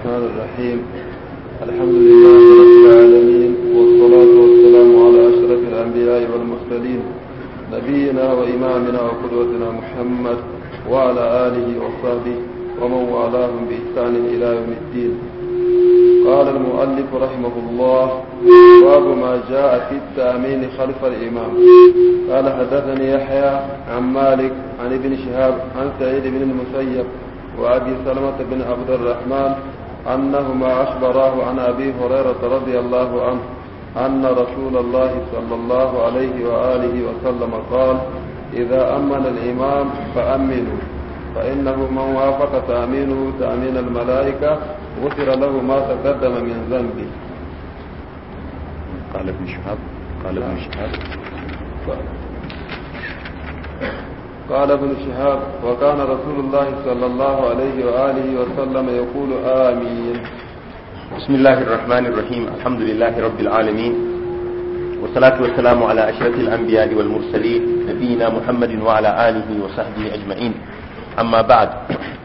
الرحمن الرحيم الحمد لله رب العالمين والصلاة والسلام على أشرف الأنبياء والمرسلين نبينا وإمامنا وقدوتنا محمد وعلى آله وصحبه ومن والاهم بإحسان إلى يوم الدين قال المؤلف رحمه الله باب ما جاء في التأمين خلف الإمام قال حدثني يحيى عن مالك عن ابن شهاب عن سعيد بن المسيب وأبي سلمة بن عبد الرحمن أنهما أخبراه عن أبي هريرة رضي الله عنه أن رسول الله صلى الله عليه وآله وسلم قال إذا أمن الإمام فأمنوا فإنه من وافق تأمينه تأمين الملائكة غفر له ما تقدم من ذنبه قال ابن شهاب قال ابن نعم. شهاب قال ابن شهاب وكان رسول الله صلى الله عليه وآله وسلم يقول آمين بسم الله الرحمن الرحيم الحمد لله رب العالمين والصلاة والسلام على أشرف الأنبياء والمرسلين نبينا محمد وعلى آله وصحبه أجمعين أما بعد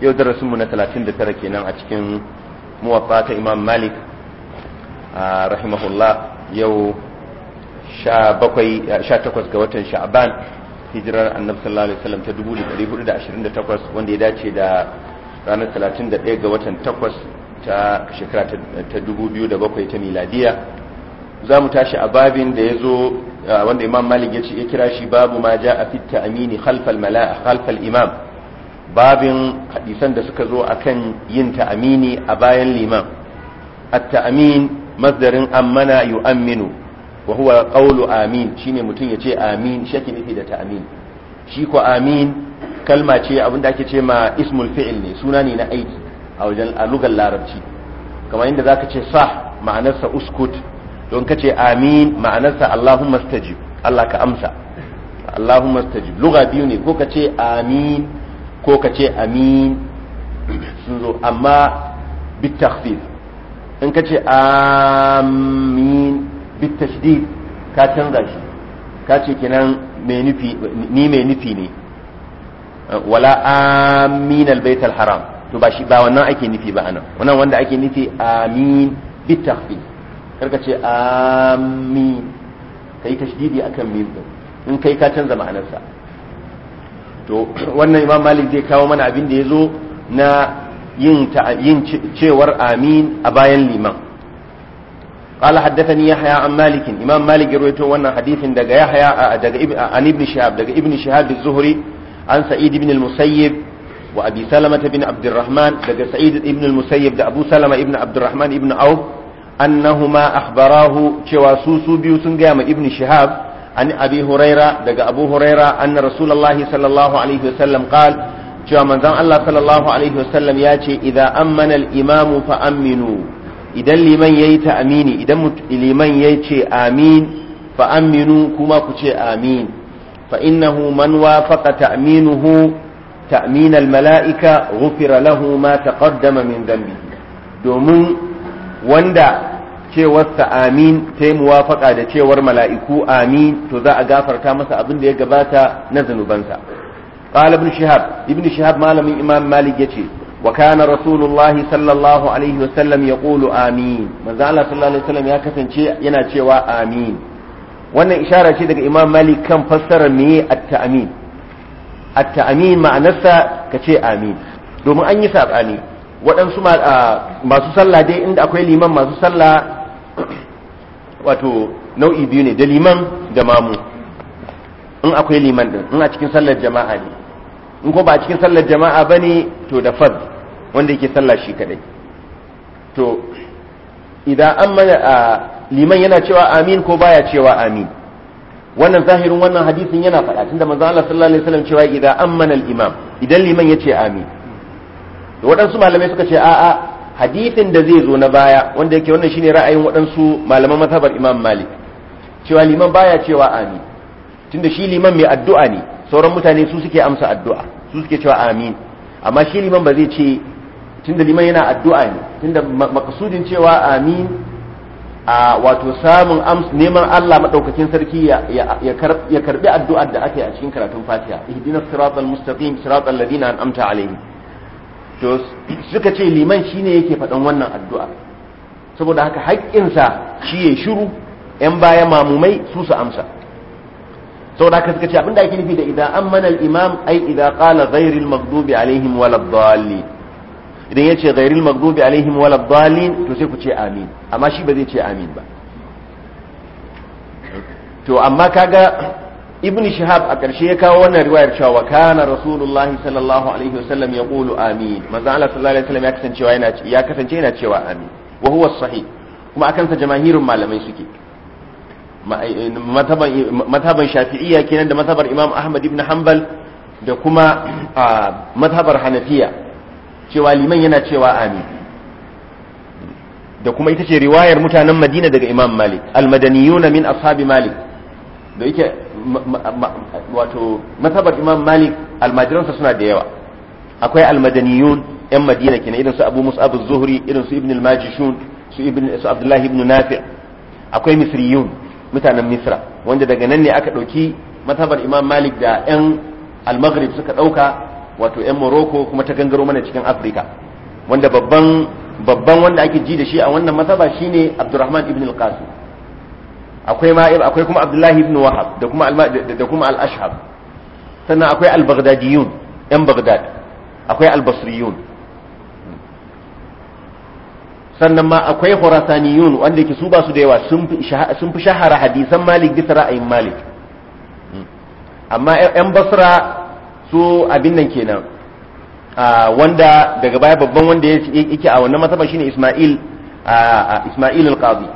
يودر رسولنا 30 تركينا أتكن موفاة إمام مالك آه رحمه الله يو sha takwas ga watan sha'ban hijirar annabi sallallahu alaihi wasallam ta 1428 wanda ya dace da ranar 31 ga watan 8 ta shekara ta 2007 ta miladiya za mu tashi a babin da ya zo wanda imam malik ya ce ya kira shi babu ma ja a fitta amini khalfal mala'a khalfal imam babin hadisan da suka zo akan yin ta'amini a bayan liman at-ta'amin masdarin ammana yu'amminu wa huwa qawlu amin shine mutum yace amin shi ake nufi da amin shi ko amin kalma ce abinda ake ce ma ismul fi'il ne suna ne na aiki a wajen a lugar larabci kamar inda zaka ce sah ma'anarsa uskut don ka ce amin ma'anarsa allahumma stajib Allah ka amsa allahumma stajib lugha biyu ne ko ka ce amin ko ka ce amin sun zo amma bitakhfif in ka ce amin bit tashdid ka canza shi ka ce kenan me nufi ni me nufi ne wala amin albayt haram to ba shi ba wannan ake nufi ba anan wannan wanda ake nufi amin bit takhfif karka ce amin kai tashdidi akan mim in kai ka canza ma'anar sa to wannan imam malik zai kawo mana abin da ya zo na yin cewar amin a bayan liman قال حدثني يحيى عن مالك امام مالك رويته وانا حديث دغ يحيى دغ عن ابن شهاب دغ ابن شهاب الزهري عن سعيد بن المسيب وابي سلمة بن عبد الرحمن دغ سعيد بن المسيب ده ابو سلمة ابن عبد الرحمن ابن عوف annahuma akhbarahu cewa su biyu sun gaya ma ibn shihab an abi huraira daga abu huraira anna rasulullahi sallallahu alaihi wasallam qal cewa manzon Allah sallallahu alaihi wasallam ya ce idza an manal imam fa aminu idan liman yayi yi ta'amini idan liman ya ce amin fa aminu kuma ku ce amin fa innahu man wafaqa ta'minuhu ta'min malaika ghufira lahu ma taqaddama min dhanbi domin wanda cewarsa amin ta yi muwafaka da cewar mala'iku amin to za a gafarta masa abin da ya gabata na zunubansa qala ibn shihab ibn shihab malamin imam malik yace waƙa na rasulalahi sallallahu alaihi wa sallam ya kulu amin banza na ta lalace salama ya kasance yana cewa amin wannan ishara ce daga imam malik kan fassara ne atta amin atta amin ma'anarsa ka amin domin an yi saƙa ne wasu sallade inda akwai liman masu salla wato nau'i biyu ne da liman da mamu in akwai liman ne ina cikin sallar jama'a ne in ko ba cikin sallar jama'a bane to da faɗ. wanda yake sallah shi kadai to idan an mana liman yana cewa amin ko baya cewa amin wannan zahirin wannan hadisin yana faɗa tunda manzo Allah sallallahu alaihi wasallam cewa idan ammana al-imam idan liman yace amin to waɗansu malamai suka ce a'a hadisin da zai zo na baya wanda yake wannan shine ra'ayin waɗansu malaman mazhabar Imam Malik cewa liman baya cewa amin tunda shi liman mai addu'a ne sauran mutane su suke amsa addu'a su suke cewa amin amma shi liman ba zai ce tunda liman yana addu'a ne tunda makasudin cewa amin a wato samun neman Allah madaukakin sarki ya karbi addu'ar da ake a cikin karatun Fatiha ihdina siratal mustaqim siratal ladina an'amta alaihim to suka ce liman shine yake faɗan wannan addu'a saboda haka haƙƙinsa shi ya shiru ‘yan baya mamumai su su amsa saboda haka suka ce abinda ake nufi da idan an mana imam ai idan qala ghairil maghdubi alaihim walad dallin idan ya ce ghairil maghdubi alaihim wala dhalin to sai ku ce amin amma shi ba zai ce amin ba to amma kaga ibn shihab a karshe ya kawo wannan riwayar cewa wa kana rasulullahi sallallahu alaihi wasallam ya qulu amin manzo Allah sallallahu alaihi wasallam ya kasance yana ya kasance yana cewa amin wa huwa sahih kuma akan sa jamaahirun malamai suke eh, mataban shafi'iyya kenan da matabar imam ahmad ibn hanbal da kuma ah, matabar hanafiya cewa liman yana cewa amin da kuma ita ce riwayar mutanen madina daga imam malik almadaniyuna min ashabi malik da yake wato masabar imam malik almajiransa suna da yawa akwai almadaniyun yan madina kenan irin su abu mus'ab abu zuhri irin su ibn almaji su ibn ibn nafi akwai misriyun mutanen misra wanda daga nan ne aka ɗauki masabar imam malik da yan almagrib suka ɗauka. wato 'yan morocco kuma ta gangaro mana cikin afirka wanda babban babban wanda ake ji da shi a wannan mazaba shine abdurrahman ibn al-qasim akwai ma akwai kuma abdullahi ibn wahab da kuma da kuma al-ashhab sannan akwai al-baghdadiyun yan baghdad akwai al-basriyun sannan ma akwai khurasaniyun wanda yake su ba su da yawa sun fi shahara hadisan malik bisa ra'ayin malik hmm. amma yan basra su abin nan kenan wanda daga baya babban wanda yake a wannan matsaban shine Ismail Ismail al-Qadi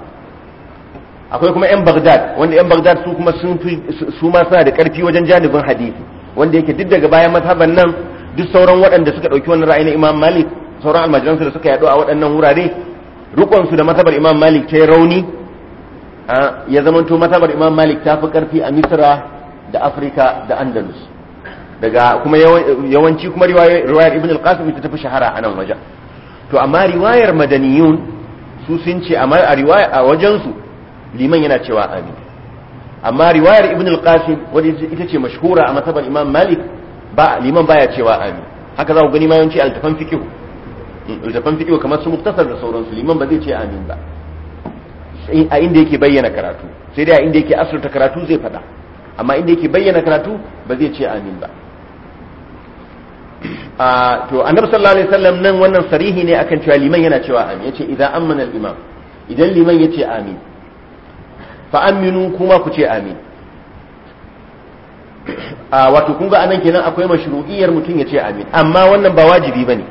akwai kuma yan Baghdad wanda yan Baghdad su kuma sun su ma suna da karfi wajen janibin hadisi wanda yake duk daga bayan mazhaban nan duk sauran waɗanda suka ɗauki wannan ra'ayi na Imam Malik sauran almajiransu da suka yaɗo a waɗannan wurare rukon su da mazhabar Imam Malik ta rauni ya zamanto mazhabar Imam Malik ta fi karfi a Misra da Afirka da Andalus daga kuma yawanci kuma riwayar ibn al-qasim ita tafi shahara a nan wajen to amma riwayar madaniyun su sun ce amma a riwaya a wajen su liman yana cewa amin amma riwayar ibn al-qasim wadda ita ce mashhura a matabar imam malik ba liman baya cewa amin haka za ku gani ma yawanci altafan fiqh altafan mm, fiqh kamar su muktasar da sauransu liman ba zai ce amin ba a inda yake bayyana karatu sai dai a inda yake asirta karatu zai faɗa amma inda yake bayyana karatu ba zai ce amin ba to annabi sallallahu alaihi wasallam nan wannan sarihi ne akan cewa liman yana cewa amin yace idza amana al-imam idan liman yace amin fa aminu kuma ku ce amin a wato kun ga anan kenan akwai mashru'iyyar mutum ya ce amin amma wannan ba wajibi bane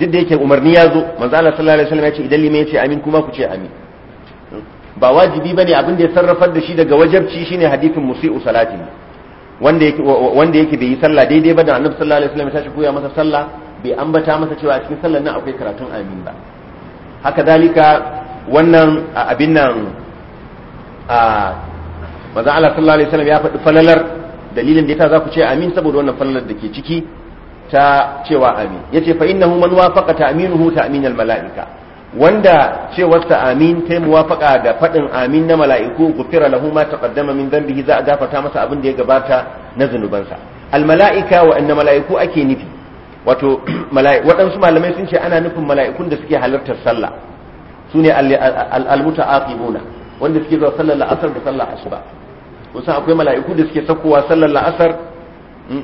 duk da yake umarni ya zo manzo Allah sallallahu alaihi wasallam ya idan liman yace amin kuma ku ce amin ba wajibi bane abin da ya sarrafar da shi daga wajabci shine hadithin musi'u salati wanda yake bai yi sallah daidai ba da annabi sallallahu alaihi wasallam ya tashi koya masa sallah bai ambata masa cewa cikin sallar nan akwai karatun amin ba haka zalika wannan abin nan a maza Allah sallallahu alaihi wasallam ya faɗi falalar dalilin da yasa za ku ce amin saboda wannan falalar da ke ciki ta cewa amin yace fa innahu man wafaqa ta'minuhu ta'minal mala'ika wanda cewarsa amin ta muwafaka ga faɗin amin na mala'iku gufira lahu ma taqaddama min dhanbihi za a gafarta masa abin da ya gabata na zunubansa al mala'ika wa anna mala'iku ake nufi wato waɗansu malamai sun ce ana nufin mala'ikun da suke halartar sallah su ne al muta'aqibuna wanda suke zuwa sallar la'asar da sallar asuba kusan akwai mala'iku da suke sakowa sallar la'asar hmm,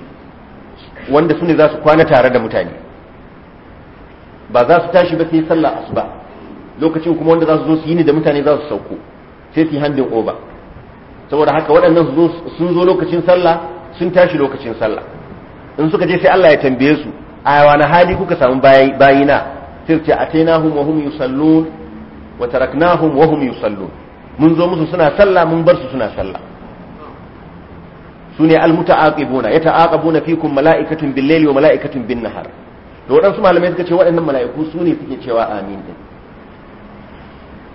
wanda su ne za su kwana tare da mutane ba za su tashi ba sai sallah asuba lokacin kuma wanda za su zo su yi ni da mutane za su sauko sai su yi handin oba saboda haka waɗannan sun zo lokacin sallah sun tashi lokacin sallah in suka je sai Allah ya tambaye su a na hali kuka samu bayina sai su ce atainahum wa hum yusallun wa taraknahum wa hum yusallun mun zo musu suna sallah mun bar su suna sallah sune almutaaqibuna yataaqabuna fikum mala'ikatun bil-layli wa mala'ikatun bin-nahar da waɗansu malamai suka ce waɗannan mala'iku su ne suke cewa amin din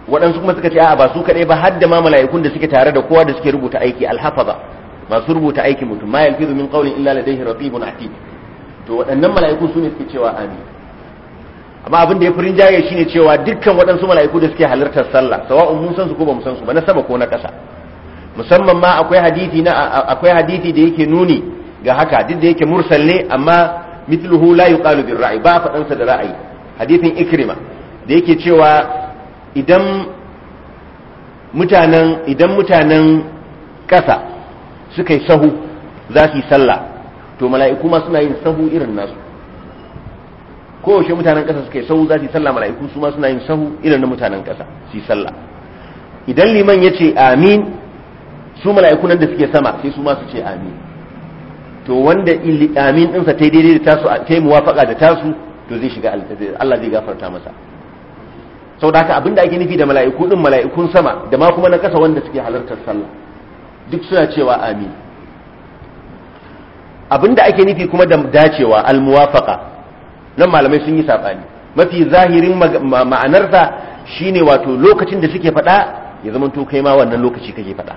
waɗansu kuma suka ce a ba su kaɗai ba har da ma mala'ikun da suke tare da kowa da suke rubuta aiki alhafaza masu rubuta aiki mutum ma yalfizu min qawlin illa ladayhi raqibun atid to waɗannan mala'iku su ne suke cewa amin amma abin da ya furin jaye shine cewa dukkan waɗansu mala'iku da suke halartar sallah sawa'un mun san su ko ba mu san su ba na sama ko na ƙasa musamman ma akwai hadisi na akwai hadisi da yake nuni ga haka duk da yake mursal ne amma mithluhu la yuqalu bil ra'i ba fadan sa da ra'ayi hadithin ikrima da yake cewa idan mutanen idan mutanen ƙasa suka yi sahu za su yi sallah to mala'iku ma suna yin sahu irin nasu kowace mutanen ƙasa suka yi sahu za su yi sallah mala'iku su ma suna yin sahu irin na mutanen ƙasa su yi sallah idan liman ya ce amin su mala'iku nan da suke sama sai su ma su ce amin to wanda amin ɗinsa ta daidai da tasu ta yi muwafaka da tasu to zai shiga Allah zai gafarta masa sau da haka abinda ake nufi da mala'iku ɗin mala'ikun sama da ma kuma na ƙasa wanda suke halartar sallah duk suna cewa amin abinda ake nufi kuma da dacewa almuwafaka nan malamai sun yi saɓani mafi zahirin ma'anarsa shine wato lokacin da suke faɗa ya zama to kai ma wannan lokaci kake faɗa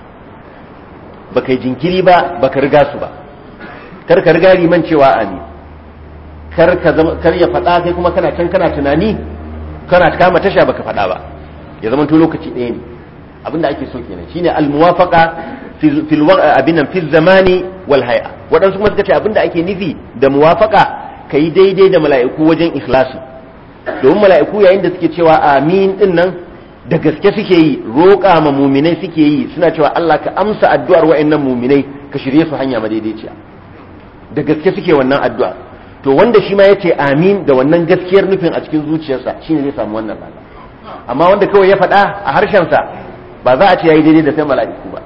baka yi jinkiri ba baka riga su ba kar ka riga liman cewa amin kar kar ya faɗa kai kuma kana can kana tunani kana kama tasha baka faɗa ba ya zama to lokaci ɗaya ne abinda ake so kenan shine almuwafaqa fil abin nan fil zamani wal hay'a wadansu kuma suka ce abinda ake nufi da muwafaqa kai daidai da mala'iku wajen ikhlasi domin mala'iku yayin da suke cewa amin din nan da gaske suke yi roƙa ma muminai suke yi suna cewa Allah ka amsa addu'ar wa'annan muminai ka shirye su hanya ma madaidaiciya da gaske suke wannan addu'a to wanda shi ma ya ce amin da wannan gaskiyar nufin a cikin zuciyarsa ne zai samu wannan lada amma wanda kawai ya faɗa a harshensa ba za a ce ya yi daidai da sai mala'iku ba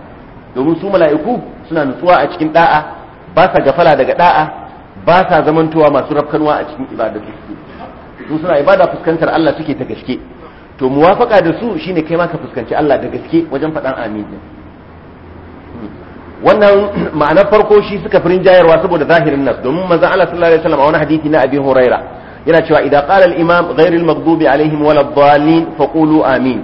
domin su mala'iku suna nutsuwa a cikin ɗa'a ba sa gafala daga ɗa'a ba sa zamantowa masu rafkanwa a cikin ibadatu su suna ibada fuskantar Allah suke ta gaske to muwafaka da su shine kai ma ka fuskanci Allah da gaske wajen faɗan amin wannan ma'anar farko shi suka firin jayarwa saboda zahirin nas domin maza ala sallallahu alaihi wasallam a wani hadisi na Abi Huraira yana cewa idan qala al-imam ghayril maghdubi alaihim waladdallin faqulu amin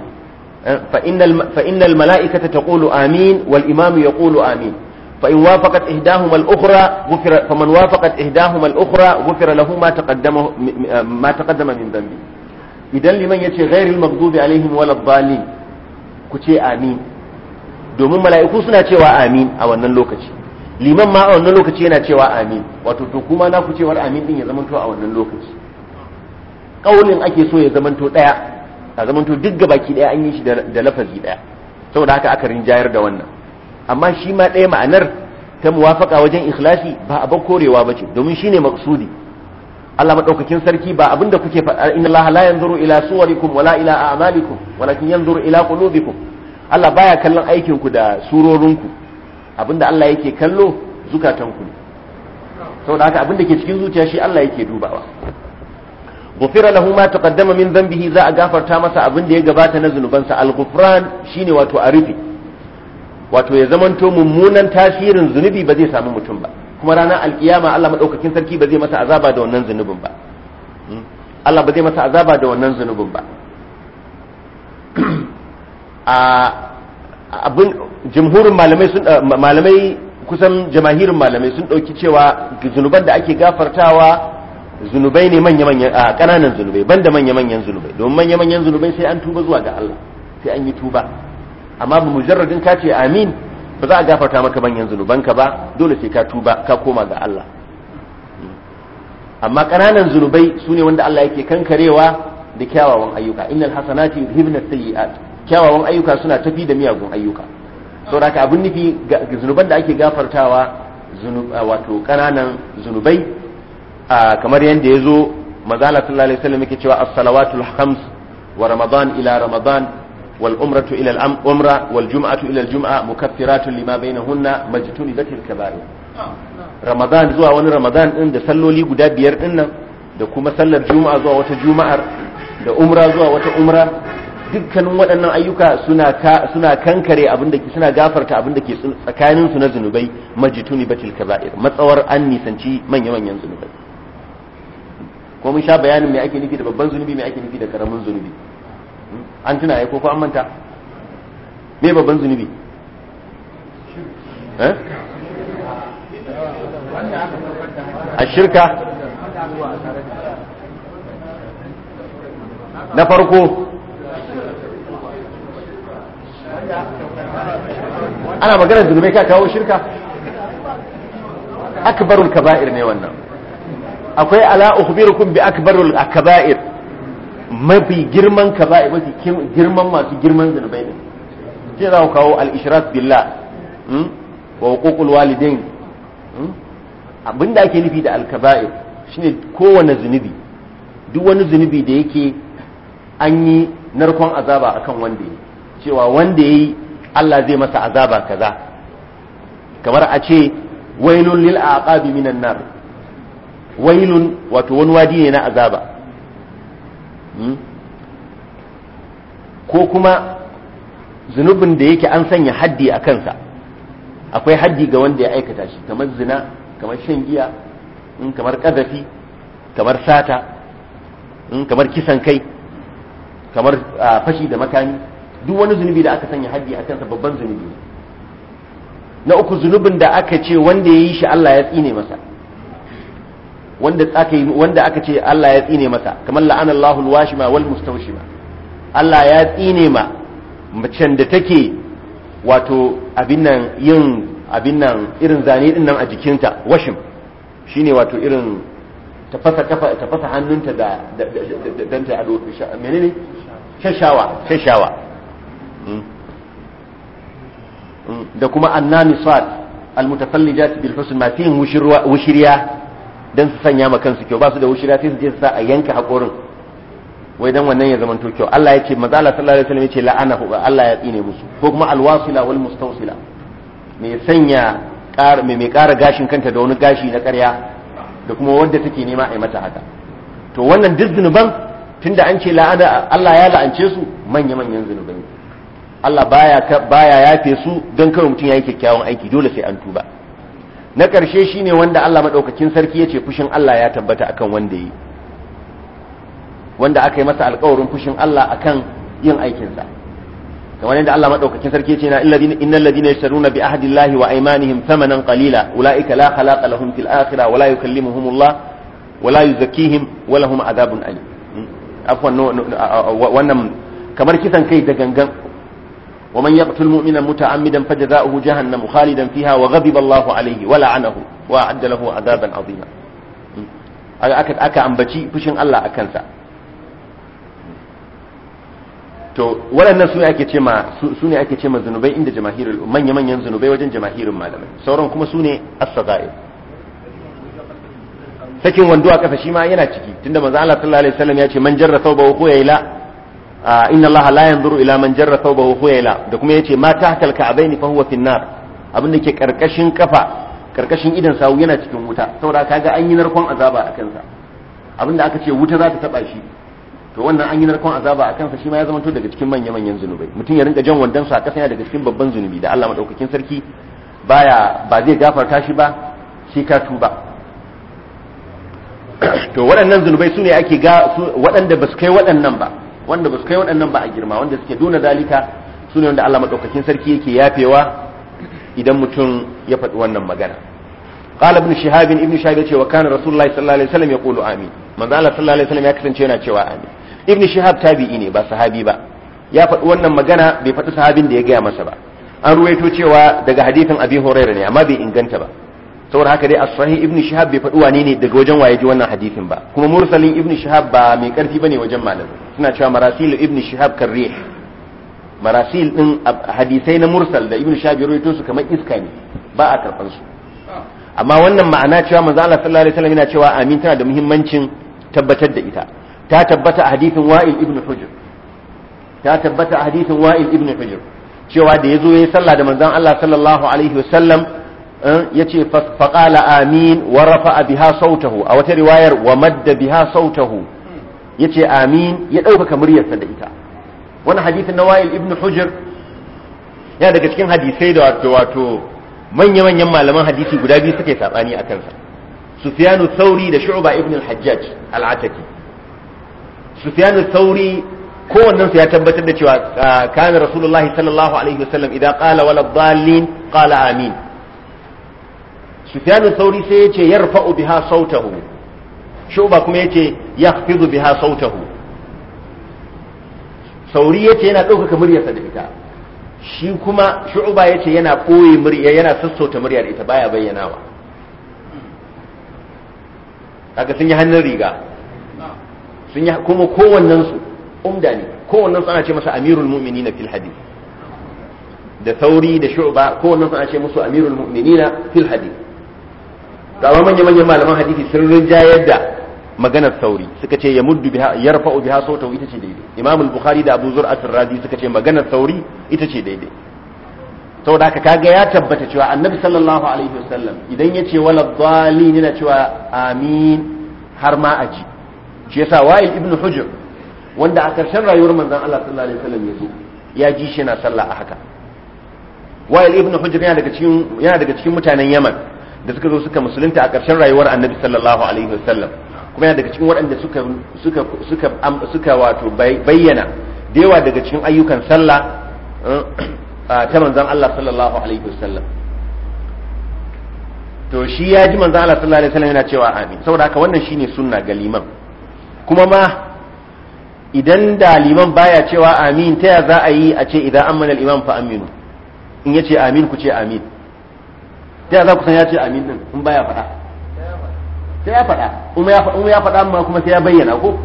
eh, fa innal fa innal mala'ikata taqulu amin wal imamu yaqulu amin fa in wafaqat ihdahuma al-ukhra ghufira faman wafaqat ihdahuma al-ukhra ghufira lahu ma taqaddama ma taqaddama min dhanbi idan liman yace ghayril maghdubi alaihim waladdallin ku ce amin domin mala'iku suna cewa amin a wannan lokaci liman ma a wannan lokaci yana cewa amin wato to kuma na ku cewar amin din ya zamanto a wannan lokaci ƙaunin ake so ya zamanto ɗaya a zamanto duk baki ɗaya an yi shi da lafazi ɗaya saboda haka aka rinjayar da wannan amma shi ma ɗaya ma'anar ta muwafaka wajen ikhlasi ba a abin korewa ba ce domin shi shine maqsudi Allah maɗaukakin sarki ba abinda kuke faɗa inna Allah la yanzuru ila suwarikum wala ila a'malikum walakin yanzuru ila qulubikum Allah baya kallon aikin ku da surorinku abinda Allah yake kallo zukatanku ne saboda haka abinda ke cikin zuciya shi Allah yake dubawa gufira lahu ma taqaddama min dhanbihi za a gafarta masa abin da ya gabata na zunubansa al-ghufran shine wato arifi wato ya zamanto mummunan tasirin zunubi ba zai samu mutum ba kuma ranar alkiyama Allah madaukakin sarki ba zai masa azaba da wannan zunubin ba hmm? Allah ba zai masa azaba da wannan zunubin ba abin jimhurin malamai sun eh, malamai kusan jamahirin malamai sun dauki cewa zunuban da ake gafartawa zunubai ne manya-manyan a kananan zunubai banda manya-manyan zunubai domin manya-manyan zunubai sai an tuba zuwa ga Allah sai an yi tuba amma ba mujarradin ka ce amin ba za a gafarta maka manyan zunubanka ba dole sai ka tuba ka koma ga Allah amma kananan zunubai su ne wanda Allah yake kankarewa da kyawawan ayyuka innal hasanati yuzhibna sayyi'at kyawawan ayyuka suna tafi da miyagun ayyuka da haka abin nufi zunuban da ake gafartawa wato kananan zunubai a kamar yadda ya zo mazala sallallahu alaihi wasallam yake cewa as-salawatul khams wa ramadan ila ramadan wal umratu ila al umra wal jum'atu ila al jum'a mukaffiratun lima bainahunna majtunibatil kaba'ir ramadan zuwa wani ramadan din da salloli guda biyar din nan da kuma sallar juma'a zuwa wata juma'ar da umra zuwa wata umra dukkanin waɗannan ayyuka suna kankare abinda suna gafarta abinda ke tsakanin su na zunubai majituni batil kaza'ir matsawar an nisanci manya manyan zunubai ko mun sha bayanin me ake nufi da babban zunubi me ake nufi da karamin zunubi hmm? an tuna ai ko ko an manta me babban zunubi eh ashirka na farko ana magana zulmai ka kawo shirka akbarul kaba'ir ne wannan akwai ala ukhbirukum bi akbarul kaba'ir mafi girman kaba'ir mafi girman masu girman zulmai ne ke za ku kawo al ishrat billah hmm? wa huququl walidain hmm? abinda ake nufi da al-kaba'ir shine kowane zunubi duk wani zunubi da yake an yi narkon azaba akan wanda yake cewa wanda ya yi Allah zai masa azaba kaza kamar a ce wailun lil aqabi minan nar wailun wato wani wadi ne na azaba hmm? ko kuma zunubin da yake an sanya haddi a kansa akwai haddi ga wanda ya aikata shi kamar zina kamar shan giya hmm, kamar ƙazafi kamar sata hmm, kamar kisan kai kamar ah, fashi da makami duk wani zunubi da aka sanya haddi a kansa babban zunubi na uku zunubin da aka ce wanda ya yi shi Allah ya tsine masa wanda aka ce Allah ya tsine masa kamar la'ana Allahu al-washima wal mustawshima Allah ya tsine ma macen da take wato abin nan yin abin nan irin zane din nan a jikinta washim shine wato irin tafasa kafa tafasa hannunta da danta a menene shashawa shashawa Mm. da kuma annamisat almutafallijat bil husn ma fihin wushriya dan su sanya ma kansu kyau ba su da wushriya sai su je su sa a yanka hakorin wai dan wannan ya zamanto kyau Allah ya ce maza Allah sallallahu alaihi wasallam ya ce la'anahu Allah ya tsine musu ko kuma alwasila wal mustawsila me sanya me me kara gashin kanta da wani gashi na ƙarya da kuma wanda take nema a yi mata haka to wannan duk zunuban tunda an ce la'ana Allah ya la'ance su manya manyan zunubai Allah baya ya yafe su don kawai mutum ya yi kyakkyawan aiki dole sai an tuba na ƙarshe shi ne wanda Allah maɗaukakin sarki ce fushin Allah ya tabbata akan wanda yi wanda aka yi masa alƙawarin fushin Allah akan yin aikinsa kama kamar yadda Allah maɗaukakin sarki ce na innal ladina yashtaruna bi ahdillahi wa aymanihim thamanan qalila ulaika la khalaqa lahum fil akhirah wa la yukallimuhumullah wa la yuzakkihim wa lahum adhabun alim hmm? afwan wannan kamar kisan kai da gangan ومن يقتل مؤمنا متعمدا فجزاؤه جهنم خالدا فيها وغضب الله عليه ولعنه وأعد له عذابا عظيما aka aka ambaci fushin Allah a kansa to waɗannan su ne ake ce ma su ne ake ce ma inda jamahirul manya manyan zunubai wajen jamahirin malamai sauran kuma su ne as-sagair sakin wando a kafa shi ma yana ciki tunda manzo Allah sallallahu alaihi wasallam ya ce man jarra thawbahu khuyayla inna allaha la yanzuru ila man jarra thawbahu khuyala da kuma yace ma halka ka'bayn fa huwa fi nar abin da ke karkashin kafa karkashin idan sawu yana cikin wuta saboda kaga an yi narkon azaba a kansa abin da aka ce wuta za ta taba shi to wannan an yi narkon azaba a kansa shi ma ya zamanto daga cikin manya manyan zunubai mutum ya rinka jan wandan sa kasa yana daga cikin babban zunubi da Allah madaukakin sarki baya ba zai gafarta shi ba sai ka tuba to waɗannan zunubai su ne ake ga waɗanda ba su kai waɗannan ba wanda ba su kai waɗannan ba a girma wanda suke duna dalika su ne wanda Allah maɗaukakin sarki yake yafewa idan mutum ya faɗi wannan magana qala ibn shihab ibn shihab yace wa kana rasulullahi sallallahu alaihi wasallam yaqulu amin manzo Allah sallallahu alaihi wasallam ya kasance yana cewa amin ibn shihab tabi'i ne ba sahabi ba ya faɗi wannan magana bai faɗi sahabin da ya gaya masa ba an ruwaito cewa daga hadithin abi hurairah ne amma bai inganta ba saboda haka dai as-sahih ibn shihab bai faɗi wane ne daga wajen waye ji wannan hadisin ba kuma mursalin ibn shihab ba mai karfi bane wajen malam suna cewa marasil ibn shihab kan rih marasil din hadisai na mursal da ibn shihab ya rawaito su kamar iska ne ba a karban su amma wannan ma'ana cewa manzo Allah sallallahu alaihi wasallam yana cewa amin tana da muhimmancin tabbatar da ita ta tabbata a hadisin wa'il ibn hujr ta tabbata a hadisin wa'il ibn hujr cewa da yazo yayin sallah da manzon Allah sallallahu alaihi wasallam Eh, ya ce faƙala amin wa a biha sautahu a wata riwayar wa madda biha sautahu ya ce amin ya ɗaukaka muryarsa da ita wani hadithin na wa'il ibn hujr ya daga cikin hadisai da wato wato manya-manyan malaman hadisi guda biyu suke saɓani a kansa sufiyanu sauri da shu'ba ibn hajjaj al-ataki sufyanu sauri kowannen su ya tabbatar da cewa ah, kana rasulullahi sallallahu alaihi wasallam idan qala wala dhallin qala amin سفيان sauri sai yace ce yarfa'u biha sautahu shuba kuma ya ce yakhfidu biha sautahu sauri yace yana ɗaukaka muryarsa da ita shi kuma shuba ya yana ɓoye murya yana sassauta murya ita baya bayyanawa kaga sun yi hannun riga sun yi kuma su umda ne su ana ce masa amirul mu'minina fil hadith da sauri da shu'ba kowannen ana ce musu amirul mu'minina fil hadith to amma manya manyan malaman hadisi sun rinja yadda maganar sauri suka ce ya muddu biha yarfa'u biha sautahu ita ce daidai imam al-bukhari da abu zur'a ar-razi suka ce maganar sauri ita ce daidai saboda haka kaga ya tabbata cewa annabi sallallahu alaihi wasallam idan ya ce wala dhalin yana cewa amin har ma aji shi yasa wa'il ibn hujr wanda a karshen rayuwar manzon Allah sallallahu alaihi wasallam ya zo ya ji shi yana sallah a haka wa'il ibn hujr yana daga cikin yana daga cikin mutanen yaman da suka zo suka musulunta a ƙarshen rayuwar annabi sallallahu alaihi wasallam kuma yana daga cikin waɗanda suka suka suka suka wato bayyana da yawa daga cikin ayyukan sallah eh, ta manzon Allah sallallahu alaihi wasallam to shi ya ji manzon Allah sallallahu alaihi wasallam yana cewa amin saboda haka wannan shine sunna ga liman kuma ma idan da liman baya cewa amin ta ya za a yi a ce idan amana al-imam fa aminu in yace amin ku ce amin ta za ku san ya ce amin din in baya faɗa sai ya faɗa kuma ya faɗa ya faɗa amma kuma sai ya bayyana ko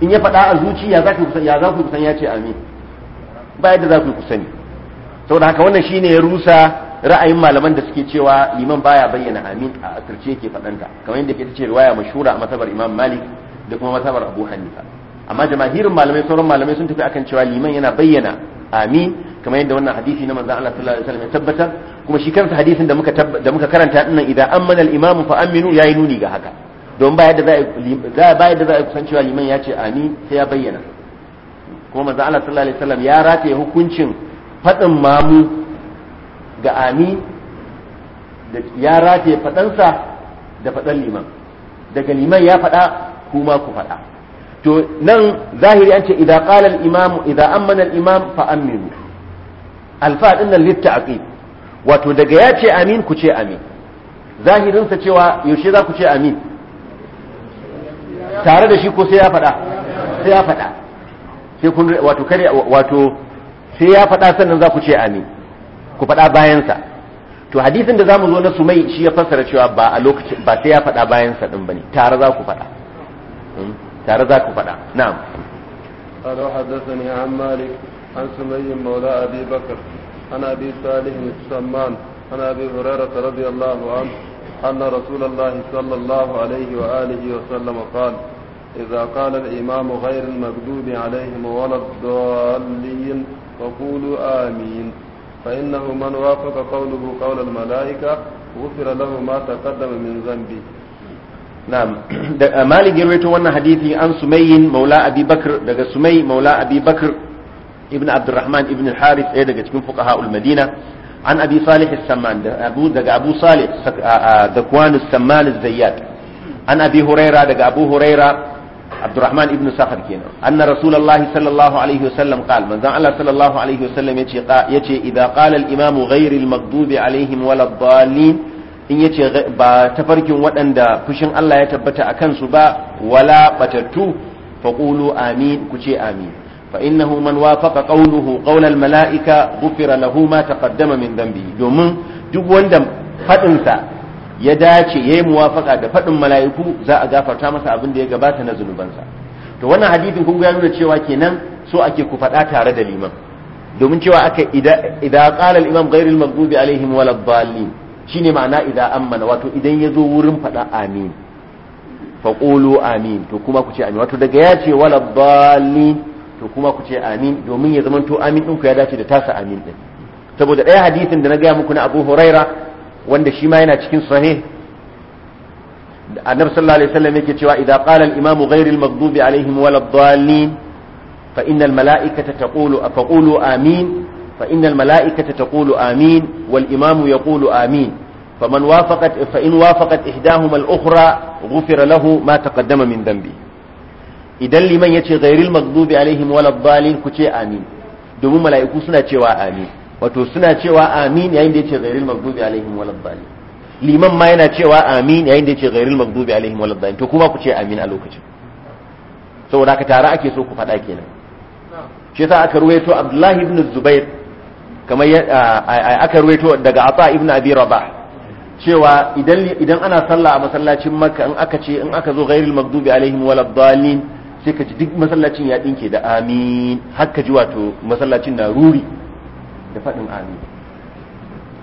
in ya faɗa a zuciya za ku ya za ku san ya ce amin ba yadda za ku ku sani saboda haka wannan shine ya rusa ra'ayin malaman da suke cewa liman baya bayyana amin a asirce yake faɗanta kamar yadda ke ce riwaya mashura a matabar imam malik da kuma matabar abu hanifa amma jamahirin malamai sauran malamai sun tafi akan cewa liman yana bayyana amin kamar yadda wannan hadisi na manzan Allah sallallahu alaihi wasallam ya tabbatar kuma shi kansa hadisin da muka da muka karanta dinnan idan amana al-imamu fa aminu yayi nuni ga haka don ba yadda za ba yadda za a kusan cewa liman ya ce amin sai ya bayyana kuma manzo Allah sallallahu alaihi wasallam ya rataye hukuncin fadin mamu ga amin da ya rataye sa da fadan liman daga liman ya fada kuma ku fada to nan zahiri an ce idan qala al-imam idan amana al-imam fa aminu alfa din nan litta'qib wato daga ya ce amin ku ce amin zahirinsa cewa yaushe za ku ce amin tare da shi ko sai ya faɗa sai ya faɗa sai kun wato kare wato sai ya faɗa sannan za ku ce amin ku faɗa bayansa to hadisin da zamu zo na sumai shi ya fassara cewa ba a lokacin ba sai ya faɗa bayansa din bane tare za ku faɗa hmm? tare za ku faɗa na'am قال حدثني عن مالك عن سمي مولى ابي بكر عن أبي صالح السمان عن أبي هريرة رضي الله عنه أن رسول الله صلى الله عليه وآله وسلم قال إذا قال الإمام غير المكذوب عليهم ولا الضالين فقولوا آمين فإنه من وافق قوله قول الملائكة غفر له ما تقدم من ذنبه نعم مالك يروي وانا حديثي عن سمي maula abi بكر daga سمي maula abi بكر ibn abdurrahman ibn harith ɗaya daga cikin fuqaha madina an abi salih samman daga abu salih zakwan samman zayyad an abi huraira daga abu huraira abdurrahman ibn safar kenan anna rasulullah sallallahu alaihi wasallam qala manzon Allah sallallahu alaihi wasallam yace yace idza qala al imamu ghayri al maghdubi alaihim in yace ba tafarkin waɗanda fushin Allah ya tabbata a kansu ba wala batattu faƙulu amin ku ce amin فإنه من وافق قوله قول الملائكة غفر له ما تقدم من ذنبه دومن duk wanda faɗinsa ya dace ya yi muwafaka da faɗin mala'iku za a gafarta masa abin da ya gabata na zunubansa to wannan hadithin kun ga nuna cewa kenan so ake ku faɗa tare da liman domin cewa aka idza qala al imam ghayril maghdubi alaihim waladdallin shine ma'ana idza amana wato idan ya zo wurin faɗa amin faqulu amin to kuma ku amin wato daga ya ce waladdallin to kuma ku ce amin domin ya zamanto amin ɗinku ya dace da tasa amin ɗin saboda ɗaya hadisin da na gaya muku na abu huraira wanda shi ma yana cikin sahih annabi sallallahu alaihi wasallam yake cewa idan qala al-imam ghayr al-maghdubi alaihim wala ad-dallin fa innal mala'ikata taqulu faqulu amin fa innal mala'ikata taqulu amin wal imam yaqulu amin faman wafaqat fa in wafaqat ihdahuma al-ukhra ghufira lahu ma taqaddama min dhanbi idan liman ya ce zairil magdubi alaihim waladdallin ku ce amin domin mala'iku suna cewa amin wato suna cewa amin yayin da ya ce zairil magdubi alaihim waladdallin liman ma yana cewa amin yayin da ya ce zairil magdubi alaihim waladdallin to kuma ku ce amin a lokacin saboda haka tare ake so ku faɗa kenan shi yasa aka ruwaito Abdullahi ibn Zubair kamar aka ruwaito daga Asa ibn Abi Rabah cewa idan ana sallah a masallacin makka in aka ce in aka zo ghairil magdubi alaihim waladdallin sai ka ji duk masallacin ya dinke da amin har ka ji wato masallacin na ruri da faɗin amin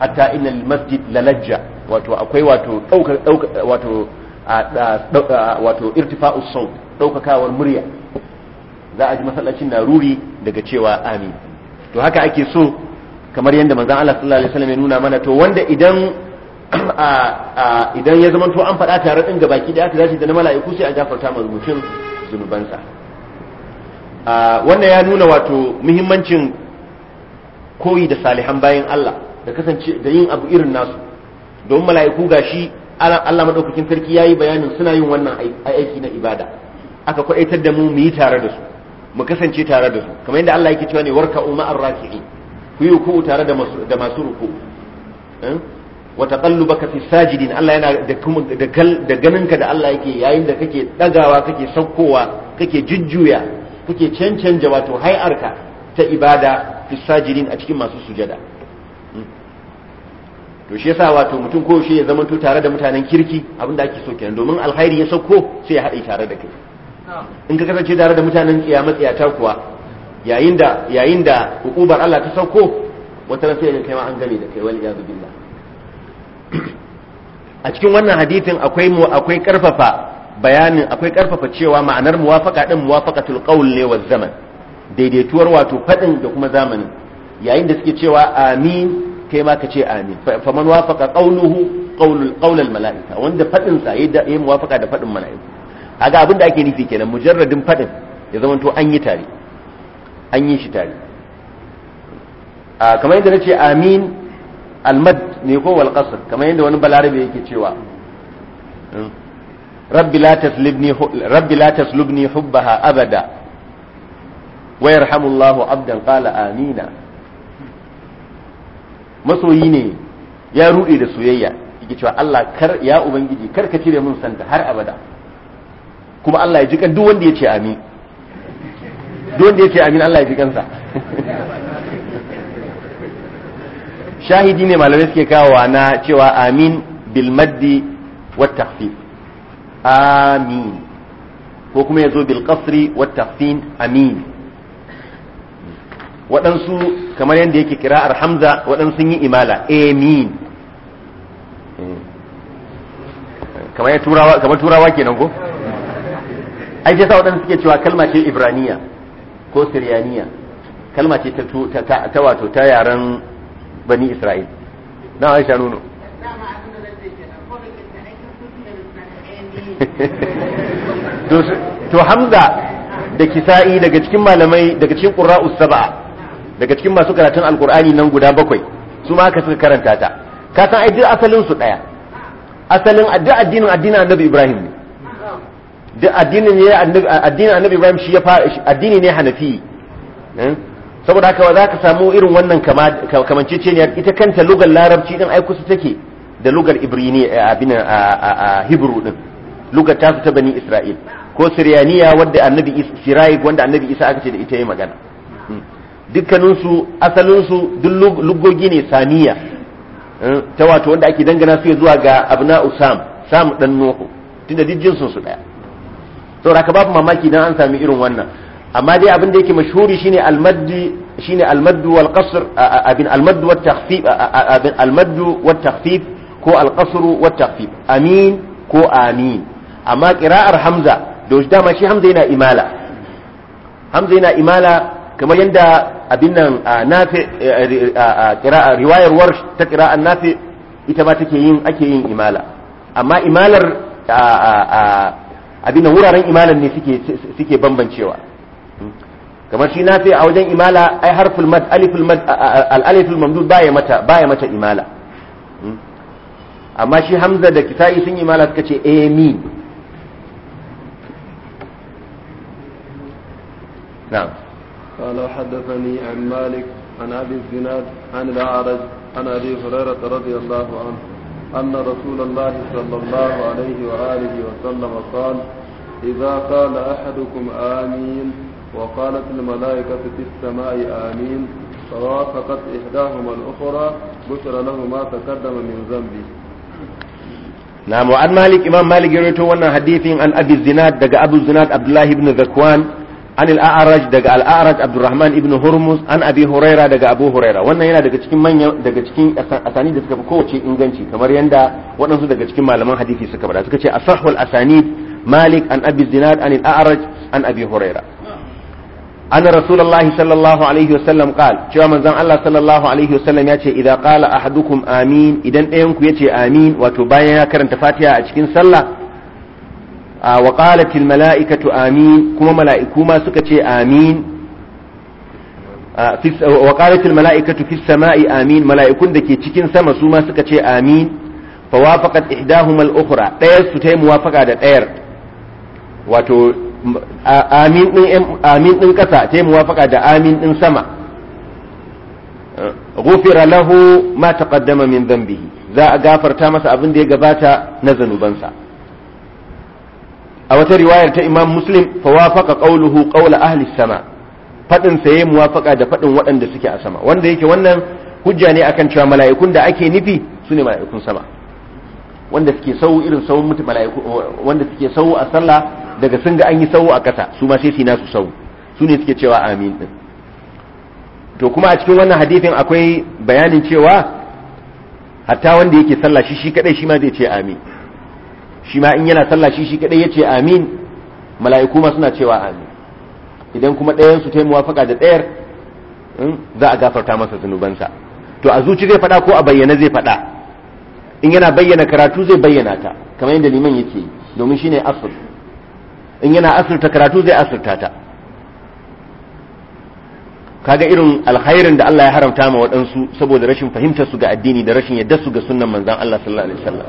hatta ina masjid lalajja wato akwai wato ɗaukar wato wato irtifa'us saut ɗaukakawar murya za a ji masallacin na ruri daga cewa amin to haka ake so kamar yadda manzon Allah sallallahu alaihi wasallam ya nuna mana to wanda idan idan ya zama to an faɗa tare ɗin gabaki da aka dace da na mala'iku sai a gafarta ma mutum zunubansa wannan ya nuna wato muhimmancin koyi da salihan bayan Allah da kasance da yin abu irin nasu domin mala'iku gashi Allah madaukakin sarki yayi bayanin suna yin wannan aiki na ibada aka kwadaitar da mu mu yi tare da su mu kasance tare da su kamar yadda Allah yake cewa ne warka'u ma'ar raki'i ku yi ku tare da masu ruku hmm? wa taqallubaka fi sajidin Allah yana da ganinka da Allah yake yayin da kake dagawa kake saukowa kake jujjuya kake cancanja wato hai'arka ta ibada fi sajidin a cikin masu sujada hmm. to shi yasa wato mutum ko shi ya zama to tare da mutanen kirki abinda ake so kenan domin alkhairi ya sauko sai ya haɗe tare da kai in ka kasance tare da mutanen kiyama tsiyata kuwa yayin da yayin da hukumar Allah ta sauko wata sai ya kai ma an gane da kai wal iyadu billah a cikin wannan hadithin akwai mu akwai karfafa bayanin akwai karfafa cewa ma'anar muwafaqa din muwafaqatul qawl ne wa zaman daidaituwar wato fadin da kuma zamanin yayin da suke cewa amin kai ma ka ce amin fa man wafaqa qawluhu qawlul qawlal malaika wanda fadin sa yayi da yayi muwafaqa da fadin malaika kaga abin da ake nufi kenan mujarradin fadin ya zama to an yi tare an yi shi tare kamar yadda nace amin almad ne ko walƙasar qasr kamar yadda wani balarabe yake cewa rabbi la taslibni rabbi la taslubni hubbaha abada wa yarhamullahu abdan qala amina masoyi ne ya rude da soyayya yake cewa Allah kar ya ubangiji kar ka cire mun santa har abada kuma Allah ya ji duk wanda ya ce amin duk wanda ya ce amin Allah ya ji kansa shahidi ne malamai suke kawowa na cewa amin bil maddi wat takhfif amin ko kuma yazo bil qasri wat tafsin amin waɗansu kamar yadda yake kira arhamza waɗansu yi imala amin eh. kamar turawa kamar turawa kenan ko ai sa waɗansu suke cewa kalma ce ibraniya ko siriyaniya kalma ce ta wato ta yaren bani isra'il na aisha nuno to hamza da kisa'i daga cikin malamai daga cikin qurra'us sab'a daga cikin masu karatun alqur'ani nan guda bakwai su ma aka suka karanta ta ka san ai duk asalin su daya asalin duk addinin addinin annabi ibrahim ne duk addinin ne addinin annabi ibrahim shi ya fara addini ne hanafi hmm? saboda haka za ka samu irin wannan kamanceceniyar ita kanta lugar larabci din ai kusa take da lugar ibrini eh, abin a hebrew din lugar su ta bani isra'il ko siriyaniya wanda annabi isa wanda annabi isa aka ce da ita yi magana hmm. dukkaninsu asalinsu duk lugogi ne samiya hmm. ta wato wanda ake dangana su zuwa ga abna usam sam dan nuhu tunda duk jinsun su daya saboda haka babu mamaki dan an sami irin wannan amma dai abin da yake mashhuri shine almaddi shine almaddu wal qasr abin almaddu wat takhfif abin almaddu wat takhfif ko qasr wat takhfif amin ko amin amma qira'ar hamza da ma shi hamza yana imala hamza yana imala kamar yanda abin nan nafi qira'ar riwayar warsh ta qira'an nafi ita ma take yin ake yin imala amma imalar abin nan wuraren imalan ne suke suke bambancewa kamar shi na nafi a wajen imala ai harful mad aliful mad al-aliful mamdud baya mata baya mata imala amma shi hamza da kitai sun imala suka ce ami na'am قال حدثني عن مالك عن ابي الزناد عن الاعرج عن ابي هريره رضي الله عنه ان رسول الله صلى الله عليه واله وسلم قال اذا قال احدكم امين وقالت الملائكة في السماء malik imam malik yana to wannan hadisin an abi zinad daga abu zinad abdullah ibn zakwan an al a'raj daga al a'raj abdurrahman ibn hurmus an abi hurayra daga abu hurayra wannan yana daga cikin manya daga cikin asanid da suka fi kowace inganci kamar yanda wadansu daga cikin malaman hadisi suka bada suka ce asahul asanid malik an abi zinad an al a'raj an abi hurayra ana rasulullahi sallallahu alaihi wasallam qal cewa manzon Allah sallallahu alaihi wasallam ya ce idza qala ahadukum amin idan ɗayanku ya ce amin wato bayan ya karanta Fatiha a cikin sallah wa qalat al mala'ikatu amin kuma mala'iku ma suka ce amin wa qalat al mala'ikatu sama'i amin mala'ikun da ke cikin sama su ma suka ce amin fa wafaqat ihdahuma al ukhra ɗayar su da ɗayar wato amin ɗin amin din kasa ta yi muwafaka da amin din sama ghufira lahu ma taqaddama min dhanbihi za a gafarta masa abin da ya gabata na zanubansa a wata riwayar ta imam muslim fa wafaqa qawluhu qawla ahli sama fadin sa yayi muwafaka da fadin waɗanda suke a sama wanda yake wannan hujja ne akan cewa mala'ikun da ake nufi sune mala'ikun sama wanda suke sau irin sau mutu mala'iku wanda suke sau a sallah daga sun ga an yi sau a ƙasa su ma sai su nasu sau su ne suke cewa amin din to kuma a cikin wannan hadithin akwai bayanin cewa hatta wanda yake sallah shi shi kadai shi ma zai ce amin shi ma in yana sallah shi shi kadai ya ce amin mala'iku ma suna cewa amin idan kuma ɗayan su ta yi muwafaka da ɗayar hmm, za a gafarta masa zunubansa to a zuci zai faɗa ko a bayyana zai faɗa in yana bayyana karatu zai bayyana ta kamar yadda liman yake yi domin shine asr in yana asirta karatu zai asirta ta kaga irin alkhairin da Allah ya haramta ma waɗansu saboda rashin fahimtar su ga addini da rashin yadda su ga sunnan manzon Allah sallallahu alaihi wasallam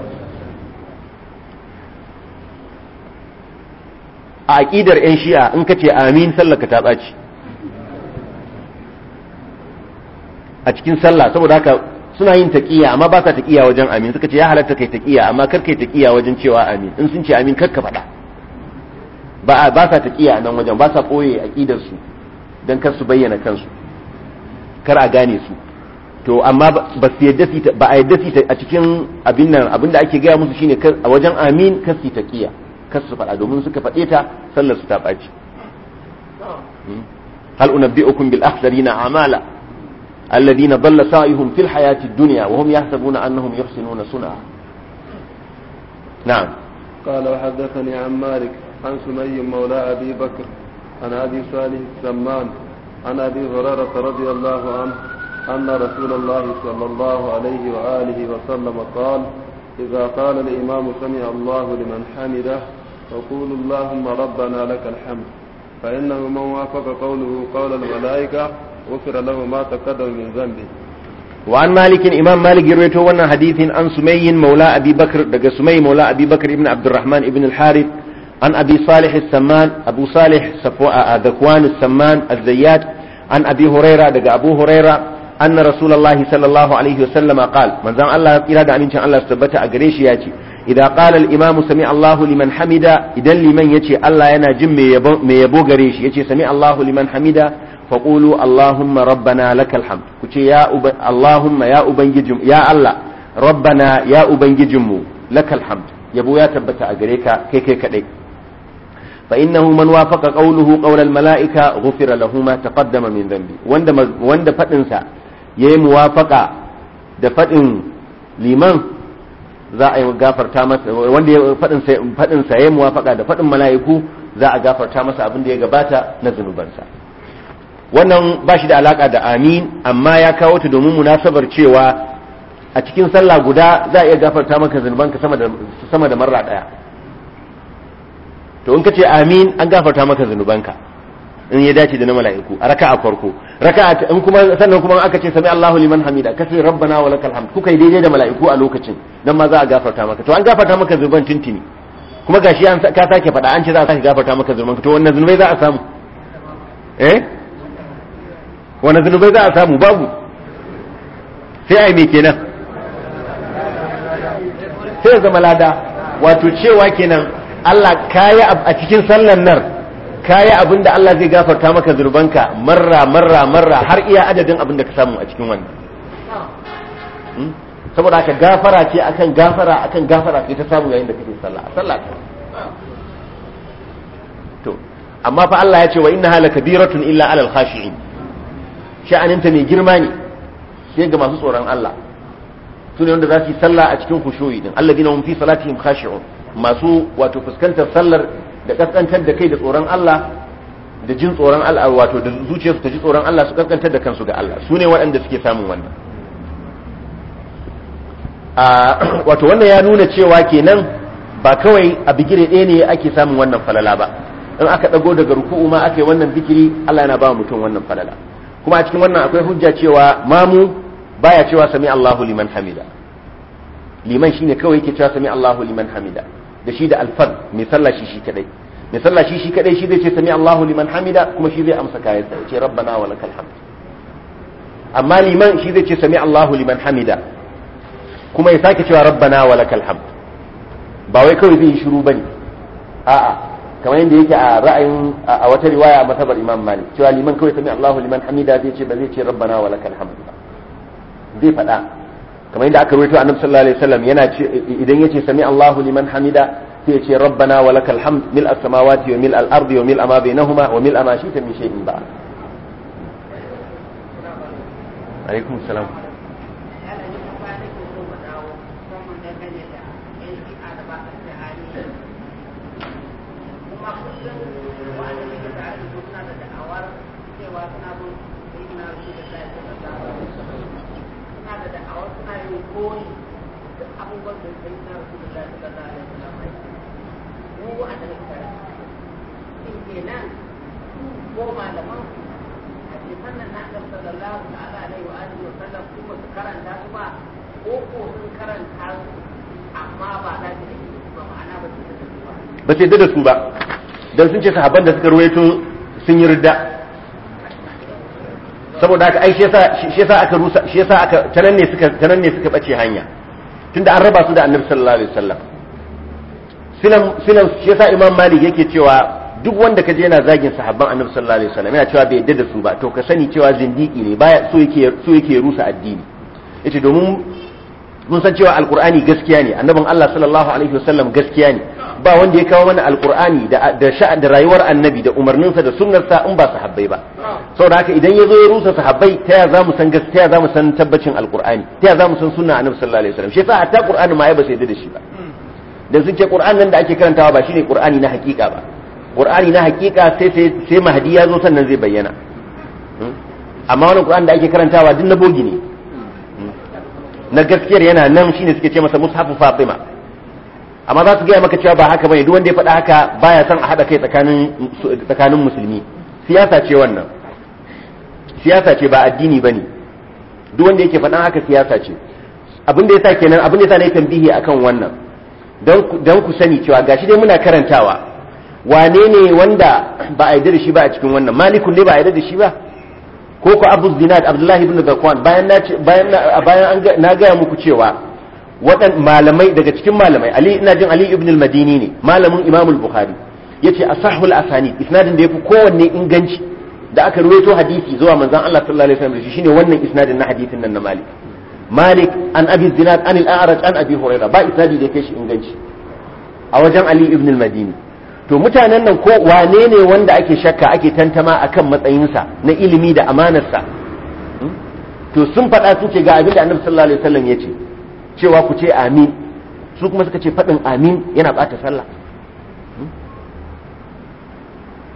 a aqidar yan shi'a in kace amin sallaka ta tsaci a cikin sallah saboda haka suna yin taqiya amma ba sa taqiya wajen amin suka ce ya halatta kai taqiya amma kar kai taqiya wajen cewa amin in sun ce amin kar ka faɗa ba ba sa taqiya nan wajen ba sa koye aqidar su dan kar su bayyana kansu kar a gane su to amma ba su yadda su ba a yadda su a cikin abin nan abin da ake gaya musu shine kar a wajen amin kar su taqiya kar su faɗa domin suka faɗe ta sallar su ta ɓaci hmm? hal unabbi'ukum bil akhsarina amala الذين ضل سعيهم في الحياة الدنيا وهم يحسبون أنهم يحسنون صنعا نعم قال وحدثني عن مالك عن سمي مولى أبي بكر عن أبي صالح السمان عن أبي هريرة رضي الله عنه أن رسول الله صلى الله عليه وآله وسلم قال إذا قال الإمام سمع الله لمن حمده فقولوا اللهم ربنا لك الحمد فإنه من وافق قوله قول الملائكة غفر له ما تقدم من ذنبه وعن مالك إمام مالك يرويته وانا حديث عن سمي مولى أبي بكر دقى سمي مولى أبي بكر ابن عبد الرحمن ابن الحارث عن أبي صالح السمان أبو صالح صفوة ذكوان السمان الزيات عن أبي هريرة دقى أبو هريرة أن رسول الله صلى الله عليه وسلم قال من زم الله إرادة أمين شاء الله استبتع قريش ياتي إذا قال الإمام سمع الله لمن حمد إذا لمن يتي الله ينا جم ميبو قريش يتي سمع الله لمن حمد faqulu allahumma rabbana lakal hamd ku ce ya allahumma ya ya Allah rabbana ya ubangijinmu lakal hamd yabo ya tabbata a gare ka kai kai kadai fa innahu man wafaqa qawluhu qawl al malaika ghufira lahu ma taqaddama min dhanbi wanda wanda fadin sa yayi da fadin liman za a yi gafarta masa wanda fadin sa fadin sa muwafaqa da faɗin mala'iku za a gafarta masa abin da ya gabata na zanubansa wannan ba shi da alaka da amin amma ya kawo ta domin munasabar cewa a cikin sallah guda za a iya gafarta maka zunubanka sama da sama da marra daya to in ka ce amin an gafarta maka zunubanka in ya dace da na mala'iku a a farko a in kuma sannan kuma aka ce sami Allahu liman hamida ka sai rabbana wa lakal hamd kuka yi daidai da mala'iku a lokacin nan ma za a gafarta maka to an gafarta maka zunuban tintini kuma gashi an ka sake faɗa an ce za a sake gafarta maka zunuban. to wannan zunubai za a samu eh wani zunubai za a samu babu sai a yi mai kenan sai zama lada wato cewa kenan Allah kaya a cikin sallan nan kaya abin da Allah zai gafarta maka zurbanka marra marra marra har iya adadin abin da ka samu a cikin wannan hmm? saboda aka gafara ce akan gafara akan gafara ce ta samu yayin da kake sallah sallah to amma fa Allah ya ce wa inna halaka biratun illa alal khashi'in sha'aninta mai girma ne sai ga masu tsoron Allah su ne wanda za su yi sallah a cikin kushoyi din alladina hum fi salatihim khashi'un masu wato fuskantar sallar da kaskantar da kai da tsoron Allah da jin tsoron Allah wato da zuciyarsu ta ji tsoron Allah su kaskantar da kansu ga Allah su ne waɗanda suke samun wannan a wato wannan ya nuna cewa kenan ba kawai a bigire ɗaya ne ake samun wannan falala ba in aka ɗago daga ruku'u ma aka yi wannan zikiri Allah yana ba mutum wannan falala kuma a cikin wannan akwai hujja cewa mamu baya cewa sami Allahu liman hamida liman shine kawai yake cewa sami Allahu liman hamida da shi da alfan mai sallah shi shi kadai mai sallah shi shi kadai shi zai ce sami Allahu liman hamida kuma shi zai amsa kayan sa ce rabbana wa lakal hamd amma liman shi zai ce sami Allahu liman hamida kuma ya sake cewa rabbana wa lakal hamd ba wai kawai zai yi shiru bane a'a kamar yadda yake a ra'ayin a wata riwaya a matabar imam malik cewa liman kawai sami allahu liman hamida zai ce ba zai ce rabbana wa lakal hamd ba zai faɗa kamar yadda aka rawaito annabi sallallahu alaihi wasallam yana ce idan yace sami allahu liman hamida sai ce rabbana wa lakal hamd mil as-samawati wa mil al-ardi wa mil ma bainahuma wa mil ma shi'ta min shay'in ba alaikum salam cewa da su ba su sun da su ba ba dan sun ce sahabban da suka ruwaito sun yi ridda saboda haka ai shi yasa aka rusa shi yasa aka tanan ne suka tanan ne suka bace hanya tunda an raba su da annabi sallallahu alaihi wasallam sinan sinan shi yasa imam malik yake cewa duk wanda kaje yana zagin sahabban annabi sallallahu alaihi wasallam yana cewa bai yadda da su ba to ka sani cewa zindiki ne baya so yake so yake rusa addini yace domin mun san cewa alqur'ani gaskiya ne annabin Allah sallallahu alaihi wasallam gaskiya ne ba wanda ya kawo mana alkur'ani da sha'an da rayuwar annabi da umarninsa da sunnarsa in ba sahabbai ba saboda haka idan ya zo ya rusa sahabbai ta ya zamu san gaskiya zamu san tabbacin alkur'ani ta ya zamu san sunna annabi sallallahu alaihi wasallam shi yasa hatta qur'ani ma ya ba sai da shi ba dan sun ce qur'an nan da ake karantawa ba shine qur'ani na hakika ba qur'ani na hakika sai sai sai mahdi ya zo sannan zai bayyana hmm? amma wannan qur'an da ake karantawa duk na bogi ne hmm? na gaskiyar yana nan shine suke ce masa mushafu fatima amma za su gaya maka cewa ba haka bane duk wanda ya faɗa haka baya son a haɗa kai tsakanin tsakanin musulmi siyasa ce wannan siyasa ce ba addini bane duk wanda yake faɗan haka siyasa ce abin da yasa kenan abin da yasa na yi tambihi akan wannan dan dan ku sani cewa gashi dai muna karantawa wane ne wanda ba a yarda da shi ba a cikin wannan malikun ne ba a yarda da shi ba ko ko abu zinad abdullahi ibn zakwan bayan na bayan bayan na gaya muku cewa waɗan malamai daga cikin malamai ali ina jin ali ibn al-madini ne malamin imam al-bukhari yace asahul asani isnadin da yafi kowanne inganci da aka ruwaito hadisi zuwa manzon Allah sallallahu alaihi wasallam shine wannan isnadin na hadisin nan na malik malik an abi zinad an al-a'raj an abi hurayra ba isnadi da yake shi inganci a wajen ali ibn al-madini to mutanen nan ko wane ne wanda ake shakka ake tantama akan matsayinsa na ilimi da amanarsa hmm? to sun faɗa sun ce ga abin da annabi sallallahu alaihi wasallam ya ce cewa ku ce amin su kuma suka ce faɗin amin yana ɓata sallah hmm?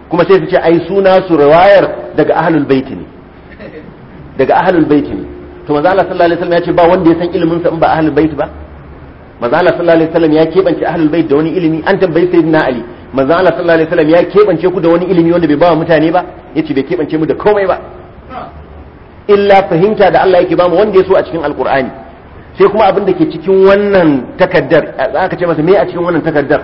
kuma sai su ce ai suna su riwayar daga ahlul baiti ne daga ahlul baiti ne to manzo Allah sallallahu alaihi wasallam ya ce ba wanda ya san ilimin sa in ba ahlul baiti ba manzo Allah sallallahu alaihi wasallam ya kebance ahlul baiti da wani ilimi an tambayi sayyidina Ali manzo Allah sallallahu alaihi wasallam ya kebance ku da wani ilimi wanda bai ba mutane ba yace bai kebance mu da komai ba illa fahimta da Allah yake ba mu wanda ya so a cikin alqur'ani sai kuma abin da ke cikin wannan takaddar ka ce masa me a cikin wannan takaddar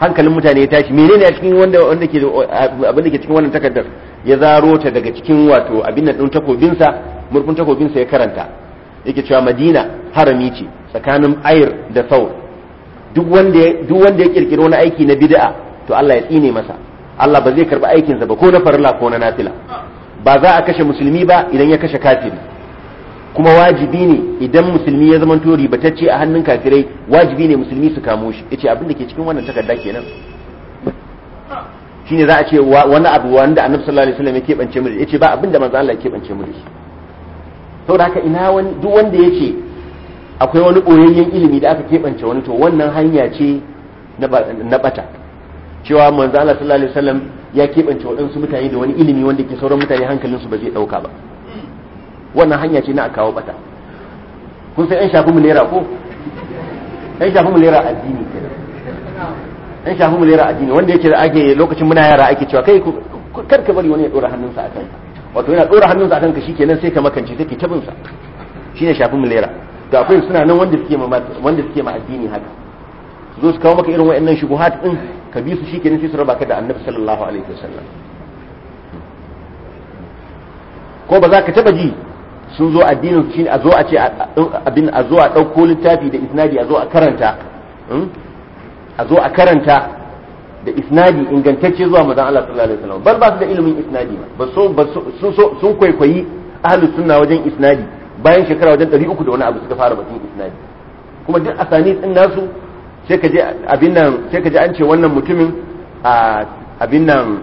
hankalin mutane ya tashi menene a cikin wanda wanda ke abin da ke cikin wannan takaddar ya zaro ta daga cikin wato abin nan din takobin sa murfin takobin sa ya karanta yake cewa Madina harami ce tsakanin Air da Saur duk wanda duk wanda ya kirkiro wani aiki na bid'a to Allah ya tsine masa Allah ba zai karba aikinsa ba ko na farla ko na nafila ba za a kashe musulmi ba idan ya kashe kafiri kuma wajibi ne idan musulmi ya zama tori batacce a hannun kafirai wajibi ne musulmi su kamo shi yace abin da ke cikin wannan takarda kenan shine za a ce wani abu wanda annabi sallallahu alaihi wasallam ya kebance mu da yace ba abin da manzo Allah ya kebance mu da shi saboda haka ina wani duk wanda yace akwai wani koyayyen ilimi da aka kebance wani to wannan hanya ce na bata cewa manzo Allah sallallahu alaihi wasallam ya kebance waɗansu mutane da wani ilimi wanda ke sauran mutane hankalinsu ba zai dauka ba wannan hanya ce na a kawo bata kun san yan shafi lera ko yan shafi lera addini kenan yan shafi lera addini wanda yake da ake lokacin muna yara ake cewa kai kar ka bari wani ya dora hannunsa a kanka wato yana dora hannunsa a kanka shikenan sai ka makance sai ka tabin sa shine shafi lera to akwai suna nan wanda suke ma wanda suke ma addini haka zo su kawo maka irin wayannan shubuhat din ka bi su shikenan sai su raba ka da annabi sallallahu alaihi wasallam ko ba za ka taba ji sun zo addinin shine a zo a ce abin a zo a ɗauko littafi da isnadi a zo a karanta hmm? a zo a karanta da isnadi ingantacce zuwa mazan Allah sallallahu alaihi wasallam bal ba su da ilimin isnadi ba sun sun kwaikwayi ahlus sunna wajen isnadi bayan shekara wajen 300 da wani abu suka fara batun isnadi kuma duk asani din nasu sai ka je abin nan sai ka je an ce wannan mutumin a abin nan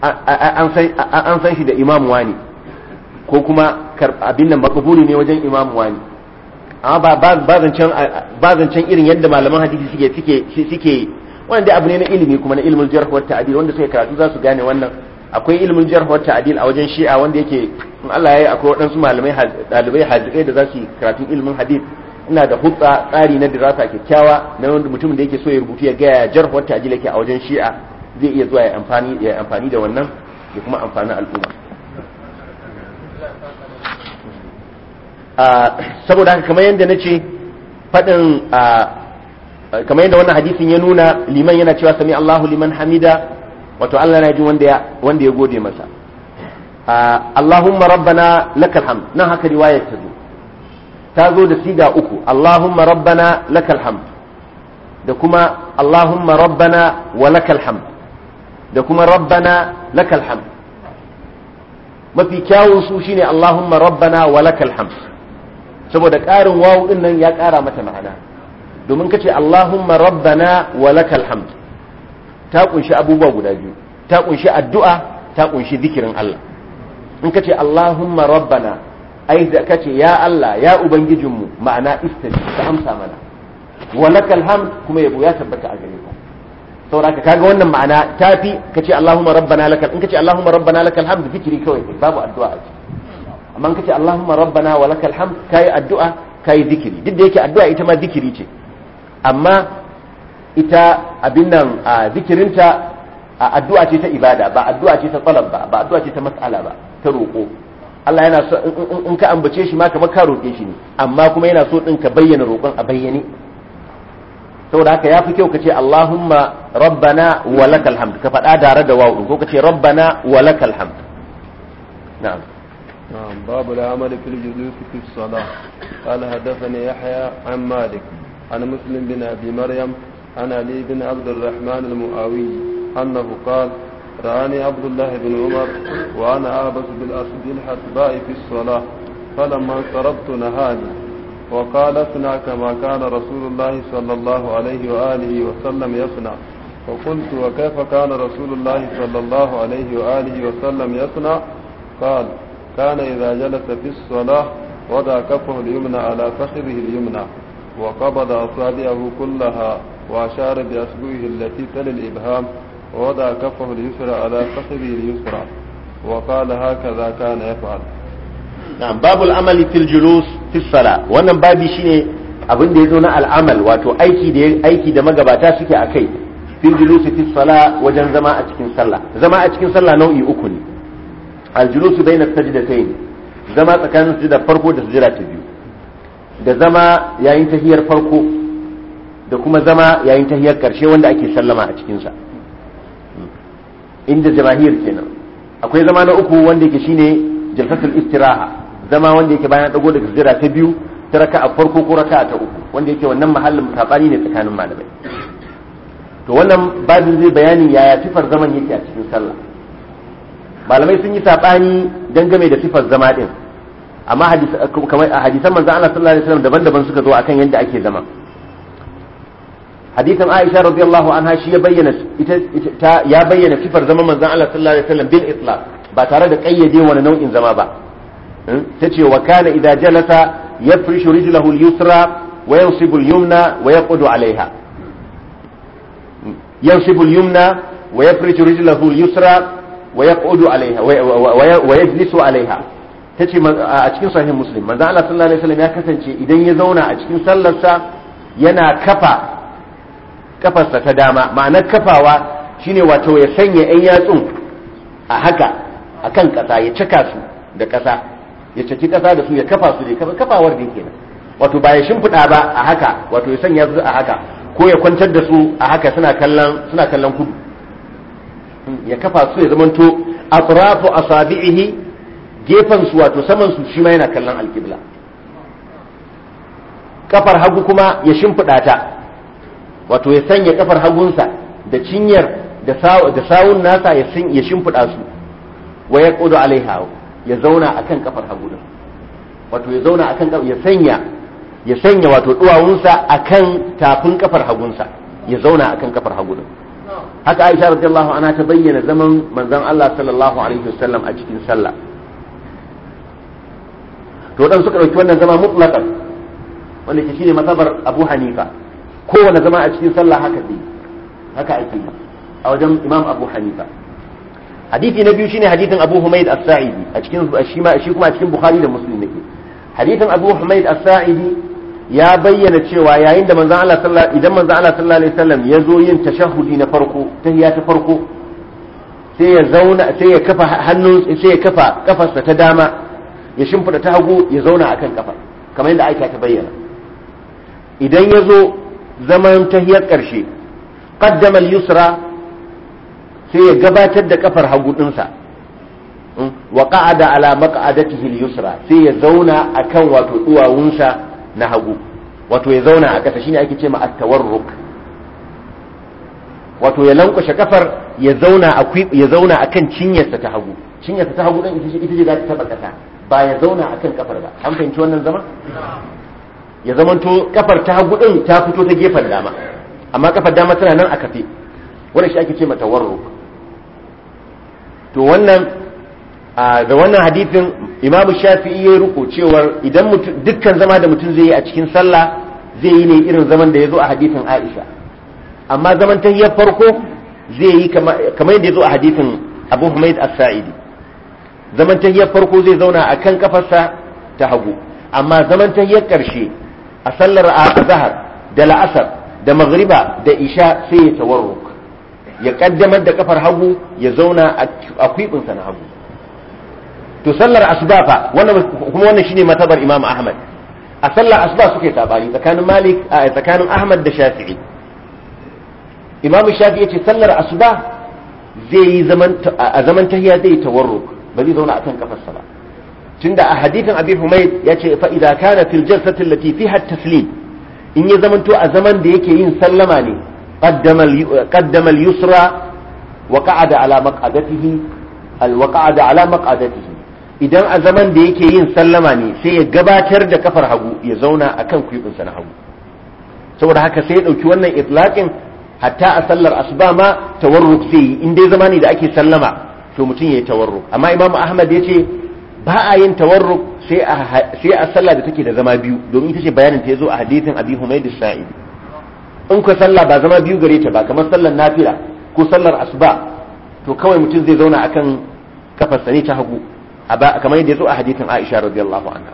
an san shi da imam wani ko kuma abin nan makabuli ne wajen imam wani amma ba zancen irin yadda malaman hadisi suke suke suke wanda abu ne na ilimi kuma na ilmul jarh wa ta'dil wanda suke karatu za su gane wannan akwai ilmul jarh wa ta'dil a wajen shi'a wanda yake in Allah ya yi akwai waɗansu malamai dalibai hadirai da za su yi karatun ilmin hadis ina da hutsa tsari na dirasa kyakkyawa na wanda mutumin da yake so ya rubutu ya gaya jarh wa ta'dil yake a wajen shi'a zai iya zuwa ya amfani ya amfani da wannan ya kuma amfani al'umma Ah, saboda haka kamar yadda na ce faɗin ah, kamar yadda wannan hadisin ya nuna liman yana cewa sami Allahu liman hamida wato Allah na ji wanda ya gode masa ah, Allahumma rabbana lakal hamd nan haka riwaya ta zo ta zo da siga uku Allahumma rabbana lakal hamd da kuma Allahumma rabbana wa lakal hamd da kuma rabbana lakal hamd mafi kyawun su shine Allahumma rabbana wa lakal hamd saboda ƙarin wawu ɗin nan ya ƙara mata ma'ana domin kace Allahumma rabbana wa lakal hamd ta kunshi abubuwa guda biyu ta kunshi addu'a ta kunshi zikirin Allah in kace Allahumma rabbana ai da kace ya Allah ya ubangijinmu ma'ana istaji ka amsa mana wa lakal hamd kuma yabo ya tabbata a gare ka saboda kaga wannan ma'ana tafi kace Allahumma rabbana lakal in kace Allahumma rabbana lakal hamd zikiri kawai babu addu'a a ciki amma kace Allahumma rabbana wa lakal hamd kai addu'a kai zikiri duk da yake addu'a ita ma zikiri ce amma ita abin nan zikirinta a addu'a ce ta ibada ba addu'a ce ta talab ba ba addu'a ce ta mas'ala ba ta roƙo Allah yana so in ka ambace shi ma kamar ka roƙe shi ne amma kuma yana so din ka bayyana roƙon a bayyane saboda haka yafi fi kyau ka Allahumma rabbana wa lakal hamd ka faɗa tare da wawu ko kace ce rabbana wa lakal hamd na'am نعم باب العمل في الجلوس في الصلاة قال حدثني يحيى عن مالك عن مسلم بن أبي مريم عن علي بن عبد الرحمن المؤاوي أنه قال رآني عبد الله بن عمر وأنا أعبس بالأسد الحسباء في الصلاة فلما انصرفت نهاني وقال اصنع كما كان رسول الله صلى الله عليه وآله وسلم يصنع فقلت وكيف كان رسول الله صلى الله عليه وآله وسلم يصنع قال كان إذا جلس في الصلاة وضع كفه اليمنى على فخذه اليمنى وقبض أصابعه كلها وأشار بأصبعه التي تلي الإبهام ووضع كفه اليسرى على فخذه اليسرى وقال هكذا كان يفعل نعم باب العمل في الجلوس في الصلاة wannan babi shine abin da yazo na al'amal wato aiki da aiki da magabata suke akai fil julusi fi sala wajen zama a cikin sallah zama a cikin sallah nau'i uku ne aljulusu bayna sajdatayn zama tsakanin sujada farko da sujada ta biyu da zama yayin tahiyar farko da kuma zama yayin tahiyar karshe wanda ake sallama a cikin sa inda jama'ir kenan akwai zama na uku wanda yake shine jalsatul istiraha zama wanda yake bayan dago daga sujada ta biyu ta a farko ko raka'a ta uku wanda yake wannan mahallin sabani ne tsakanin malamai to wannan babin zai bayanin yaya tifar zaman yake a cikin sallah malamai sun yi saɓani dangane da sifar zama ɗin amma a hadisan manzo Allah sallallahu alaihi wasallam daban-daban suka zo akan yadda ake zama hadisan Aisha radiyallahu anha shi ya bayyana ita ya bayyana sifar zaman manzo Allah sallallahu alaihi wasallam bil itlaq ba tare da kayyade wani nau'in zama ba hmm? ta ce wa kana idza jalasa yafrishu rijlahu al-yusra wa yansibu al-yumna wa yaqudu alaiha hmm? yansibu al-yumna wa yafrishu rijlahu al-yusra wa yaqudu alaiha wa yajlisu alaiha tace a cikin sahih muslim manzo Allah sallallahu alaihi wasallam ya kasance idan ya zauna a cikin sallarsa yana kafa kafarsa ta dama ma'anar kafawa shine wato ya sanya 'yan yatsun a haka akan kasa ya cika su da kasa ya caki kasa da su ya kafa su da kafawar da kenan wato ba ya shimfiɗa ba a haka wato ya sanya su a haka ko ya kwantar da su a haka suna kallon suna kallon kudu ya kafa su ya to atrafu asabi'ihi gefen su wato saman su shi ma yana kallon alqibla kafar hagu kuma ya shimfida ta wato ya sanya kafar hagunsa da cinyar da sawun nasa ya shimfida su wa ya kudu alaiha ya zauna akan kafar hagu din wato ya zauna akan ya sanya ya sanya wato duwawunsa akan tafin kafar hagunsa ya zauna akan kafar hagu din haka aisha radiyallahu anha ta bayyana zaman manzon Allah sallallahu alaihi wasallam a cikin sallah to dan suka dauki wannan zama mutlaqan wanda ke shine matsabar Abu Hanifa kowane zama a cikin sallah haka dai haka ake yi a wajen Imam Abu Hanifa hadisi na biyu shine hadisin Abu Humayd as-Sa'idi a cikin shi kuma a cikin Bukhari da Muslim yake hadisin Abu Humayd as-Sa'idi ya bayyana cewa yayin da manzon Allah sallallahu idan manzon Allah sallallahu alaihi wasallam ya zo yin tashahudi na farko tahiyya ta farko sai ya zauna sai ya kafa hannun sai ya kafa kafarsa ta dama ya shimfida ta hagu ya zauna akan kafa kamar yadda aika ta bayyana idan ya zo zaman tahiyyar karshe qaddama al-yusra sai ya gabatar da kafar hagu dinsa hmm, wa qa'ada ala maq'adatihi al-yusra sai ya zauna akan wato duwawunsa na hagu wato ya zauna a ƙasa shine ake ce ma at-tawarruk wato ya lankwashe kafar ya zauna a ya zauna akan cinyarsa ta hagu cinyarsa ta hagu dan ita ce za ta taba ƙasa ba ya zauna akan kafar ba an fahimci wannan zama ya zamanto kafar ta hagu din ta fito ta gefen dama amma kafar dama tana nan a kafe wannan shi ake ce ma tawarruk to wannan da wannan hadithin imamu shafi'i ya ruku cewar idan dukkan zama da mutum zai yi a cikin sallah zai yi ne irin zaman da ya zo a hadithin aisha amma zaman tahiyyar farko zai yi kamar yadda ya zo a hadithin abu hamid as-sa'idi zaman tahiyyar farko zai zauna a kan kafarsa ta hagu amma zaman tahiyyar karshe a sallar zahar da la'asar da magriba da isha sai ya tawarruk ya kaddamar da kafar hagu ya zauna a kwibinsa na hagu to sallar asuba fa wannan kuma wannan shine matabar imam ahmad a sallar asuba suke sabani tsakanin malik a tsakanin ahmad da shafi'i imam shafi'i yace sallar asuba zai yi zaman a zaman tahiyya zai tawarru ba zai zauna akan kafarsa ba tunda a hadithin abi humayd yace fa idza kana fil jalsati allati fiha at-taslim in ya zamanto a zaman da yake yin sallama ne qaddama yusra wa qa'ada ala maq'adatihi idan a zaman da yake yin sallama ne sai ya gabatar da kafar hagu ya zauna a kan kwibinsa na hagu saboda haka sai ya ɗauki wannan itlaƙin hatta a sallar asuba ma tawarruk zai yi in dai zama ne da ake sallama to mutum ya yi tawarruk amma imamu ahmad ya ce ba a yin tawarruk sai a sallah da take da zama biyu domin ita ce bayanin ta ya zo a hadithin abi humaydu sa'id in ku sallah ba zama biyu gare ta ba kamar sallar nafila ko sallar asuba to kawai mutum zai zauna akan kafarsa ne ta hagu kamar yadda ya zo a hadithin Aisha radiyallahu anha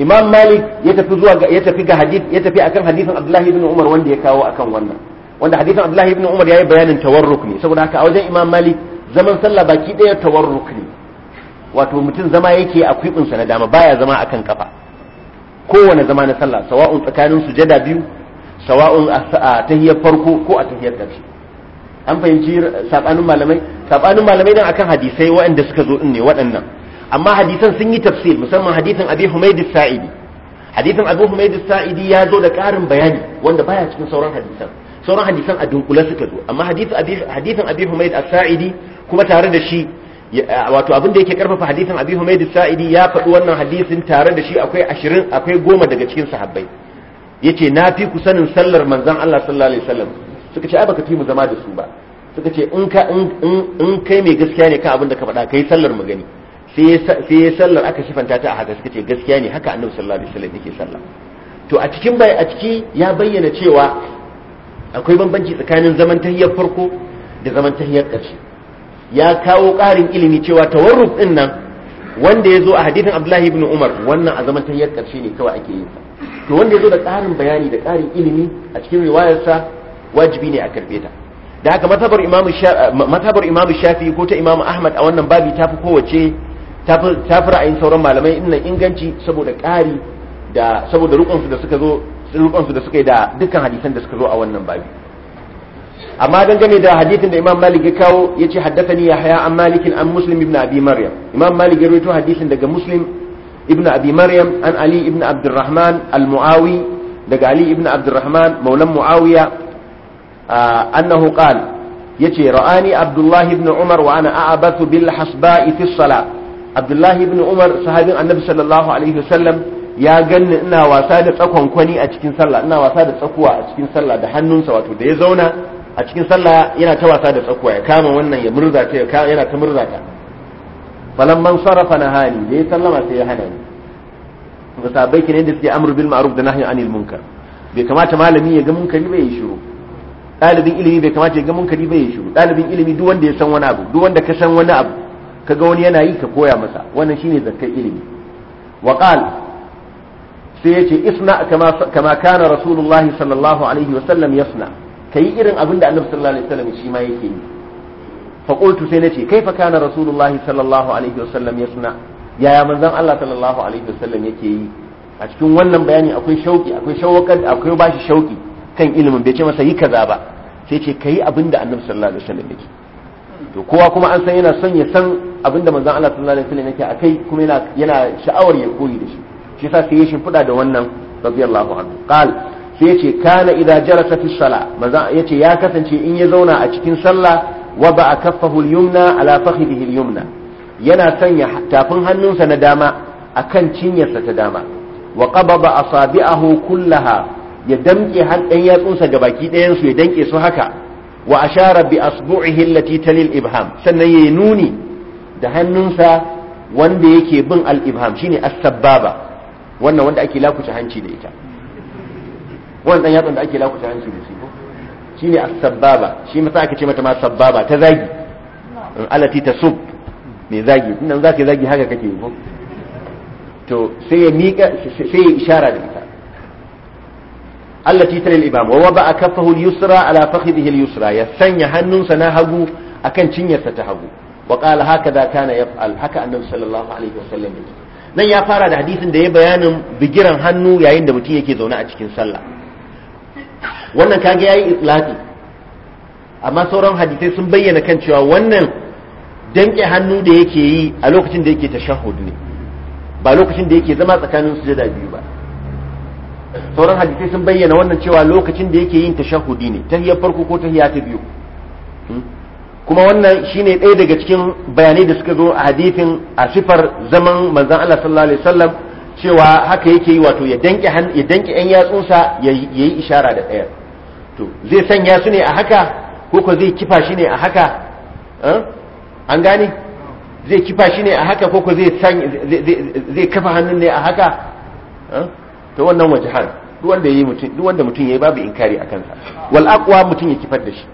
Imam Malik ya tafi zuwa ya tafi ga hadith ya tafi akan hadithin Abdullahi ibn Umar wanda ya kawo akan wannan wanda hadithin Abdullahi ibn Umar yayi bayanin tawarruk ne saboda haka a wajen Imam Malik zaman sallah baki daya tawarruk ne wato mutum zama yake a sa na dama baya zama akan kafa kowane zama na sallah sawa'un tsakanin sujada biyu sawa'un a tahiyar farko ko a tahiyar ƙarshe an fahimci sabanin malamai sabanin malamai dan akan hadisai waɗanda suka zo din ne waɗannan amma hadisan sun yi tafsir musamman hadisin abi humayd saidi hadisin abu humayd saidi ya zo da ƙarin bayani wanda baya cikin sauran hadisan sauran hadisan a dunkule suka zo amma hadisin abi abi as-sa'idi kuma tare da shi wato abin da yake karfafa hadisin abi humayd saidi ya faɗi wannan hadisin tare da shi akwai 20 akwai 10 daga cikin sahabbai yace na fi ku sanin sallar manzon Allah sallallahu alaihi wasallam suka ce ai baka fi mu zama da su ba suka ce in ka in kai mai gaskiya ne kan abin da ka faɗa kai sallar mu gani sai ya sallar aka shifanta ta a haka suka ce gaskiya ne haka annabi sallallahu alaihi wasallam yake sallah to a cikin bai a ciki ya bayyana cewa akwai bambanci tsakanin zaman tahiyyar farko da zaman tahiyyar ƙarshe ya kawo ƙarin ilimi cewa tawarruf din nan wanda ya zo a hadithin Abdullahi ibn Umar wannan a zaman tahiyyar ƙarshe ne kawai ake yin sa to wanda ya zo da ƙarin bayani da ƙarin ilimi a cikin riwayarsa wajibi ne a karbe ta da haka matabar imamu eh, matabar imamu shafi ko ta imamu ahmad a wannan babi tafi kowace tafi ra'ayin sauran malamai inna inganci saboda ƙari da saboda rukunsu da suka zo rukunsu da suka yi da dukkan hadisan da suka zo a wannan babi amma dangane da hadisin da imam malik ya kawo ya ce haddasa haddathani yahya an malikin an muslim ibn abi maryam imam malik ya rawaito hadithin daga muslim ibn abi maryam an ali ibn abdurrahman al-muawi daga ali ibn abdurrahman maulan muawiya annahu qala yace ra'ani abdullahi ibn umar wa ana a'abathu bil hasba'i fi salat abdullahi ibn umar sahabin annabi sallallahu alaihi wasallam ya ganni ina wasa da tsakon a cikin sallah ina wasa da tsakuwa a cikin sallah da hannunsa wato da ya zauna a cikin sallah yana ta wasa da tsakuwa ya kama wannan ya murza yana ta murza ta falan man sarafa nahani da ya sallama sai ya hana ni ba sabai kine da suke amru bil ma'ruf da nahyi anil munkar bai kamata malamin ya ga munkari ya yi shiru dalibin ilimi bai kamata ya ga munkari bai ya shiru dalibin ilimi duk wanda ya san wani abu duk wanda ka san wani abu ka ga wani yana yi ka koya masa wannan shine zakkar ilimi wa sai yace isna kama kama kana rasulullahi sallallahu alaihi wa sallam yasna kai irin abin da annabi sallallahu alaihi wa sallam shi ma yake yi fa qultu sai nace kaifa kana rasulullahi sallallahu alaihi wa sallam yasna yaya manzon Allah sallallahu alaihi wa sallam yake yi a cikin wannan bayani akwai shauki akwai shawakar akwai bashi shauki kan ilimin bai ce masa yi kaza ba sai ce ka yi abin da annabi sallallahu alaihi wasallam yake to kowa kuma an san yana son ya san abin da manzon Allah sallallahu alaihi wasallam yake akai kuma yana yana sha'awar ya koyi da shi shi yasa sai ya shimfida da wannan radiyallahu anhu qal sai ce kana idza jalasa fi sala manzon yace ya kasance in ya zauna a cikin sallah wa ba kaffahu al-yumna ala fakhidhihi al-yumna yana sanya tafin hannunsa na dama akan cinyarsa ta dama wa qabada asabi'ahu kullaha ya damke ɗan yatsunsa ga baki ɗayansu ya danke su haka wa ashara bi asbu'ihi allati talil ibham sannan yayi nuni da hannunsa wanda yake bin al ibham shine as-sabbaba wannan wanda ake lakuta hanci da ita wannan dan yatsun da ake lakuta hanci da shi ne shine as-sabbaba shi mata aka ce mata ma sabbaba ta zagi alati tasub mai zagi nan zaka zagi haka kake ko to sai ya mika sai ya ishara da allati talil ibam wa ba kaffahu al-yusra ala fakhidhihi al-yusra ya sanya hannunsa na hagu akan cinyarsa ta hagu wa qala hakaza kana yaf'al haka annabi sallallahu alaihi sallam. nan ya fara da hadisin da ya bayanin bigiran hannu yayin da mutum yake zaune a cikin sallah wannan kage yayi itlaqi amma sauran hadisai sun bayyana kan cewa wannan danke hannu da yake yi a lokacin da yake tashahhud ne ba lokacin da yake zama tsakanin sujada biyu ba sauran hadisai sun bayyana wannan cewa lokacin da yake yin tashahudi ne hiyar farko ko hiyar ta biyu hmm? kuma wannan shine ɗaya daga cikin bayanai da suka zo a hadifin a sifar zaman manzan Allah sallallahu alaihi wasallam cewa haka yake yi wato ya danke ya danke yatsunsa ya yi ishara da ɗaya to zai sanya su ne a haka ko ko zai kifa shi ne a haka eh? an gane zai kifa shi ne a haka ko ko zai kafa hannun ne a haka eh? to wannan wajahan duk wanda yayi mutum duk wanda babu inkari akan sa wal aqwa mutum ya kifar da shi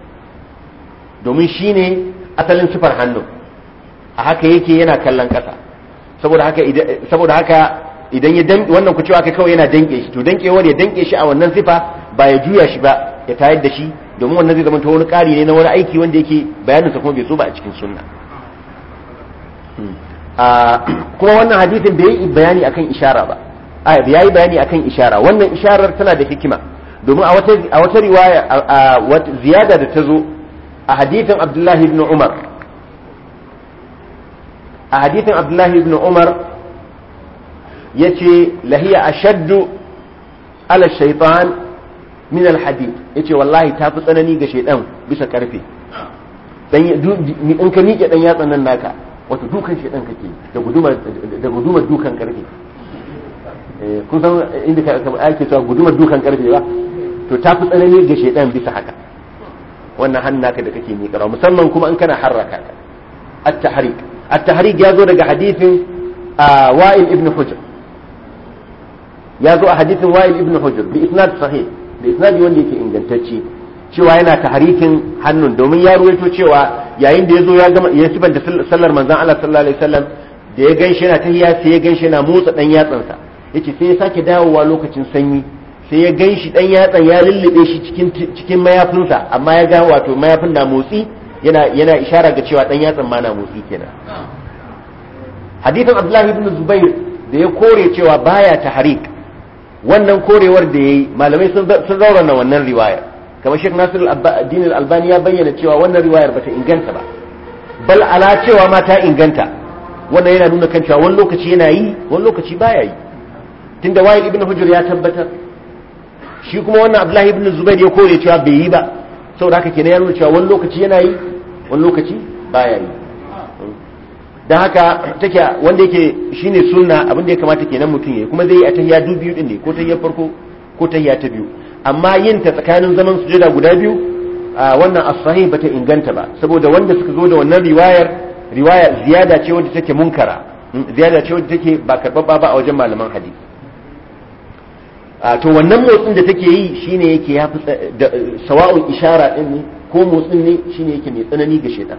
domin shine asalin sifar hannu a haka yake yana kallon kasa saboda haka idan ya wannan ku cewa kai kawai yana danke shi to danƙewar ya danke shi a wannan sifa ba ya juya shi ba ya tayar da shi domin wannan zai zama ta wani ƙari ne na wani aiki wanda yake bayaninsa kuma bai so ba a cikin sunna hmm. ah, kuma wannan hadisin bai yi bayani akan ishara ba ya yi bayani akan ishara wannan isharar tana da hikima domin a wata riwaya a ziyada da ta zo a hadithin abdullahi ibn umar a hadithin abdullahi ibn umar ya ce lahiya a shaddu ala shaitan min alhadid ya ce wallahi ta fi tsanani ga shaidan bisa karfe in ka miƙe ɗan yatsan nan naka wato dukan shaidan kake da gudumar dukan karfe Eh, kun san inda ake cewa gudumar dukan karfe ba to ta fi tsanani ga shaidan bisa haka wannan hannun naka da kake miƙarwa musamman kuma in kana harraka ta at-tahrik at-tahrik ya zo daga hadisin wa'il ibn hujr ya zo a hadisin wa'il ibn hujr bi isnad sahih bi isnad wanda yake ingantacce cewa yana tahrikin hannun domin ya ruwaito cewa yayin da ya zo ya gama ya sibanta sallar manzon Allah sallallahu alaihi wasallam da ya ganshi yana tahiya sai ya ganshi yana motsa dan yatsansa yake sai ya sake dawowa lokacin sanyi sai ya gan shi dan yatsan ya lullube shi cikin cikin mayafinsa amma ya ga wato mayafin na motsi yana yana ishara ga cewa dan yatsan ma na motsi kenan hadithan abdullahi ibn zubair da ya kore cewa baya tahriq wannan korewar da yayi malamai sun sun na wannan riwayar kamar Sheikh Nasir al-Din al-Albani ya bayyana cewa wannan riwayar bata inganta ba bal ala cewa ma ta inganta wannan yana nuna kan cewa wani lokaci yana yi wani lokaci baya yi tunda wa'il ibn hujr ya tabbatar shi kuma wannan abdullahi ibn zubair ya kore cewa bai yi ba saboda haka kenan ya nuna cewa wani lokaci yana yi wani lokaci baya yi dan haka take wanda yake shine sunna abin da ya kamata kenan mutum yayi kuma zai yi a tahiya du biyu din ne ko tahiyya farko ko tahiyya ta biyu amma yin ta tsakanin zaman sujada guda biyu wannan as-sahih bata inganta ba saboda wanda suka zo da wannan riwayar riwaya ziyada ce wanda take munkara ziyada ce wanda take ba karbabba ba a wajen malaman hadisi to wannan motsin da take yi shine yake yafi sawa'un ishara din ne ko motsin ne shine yake mai tsanani ga shaitan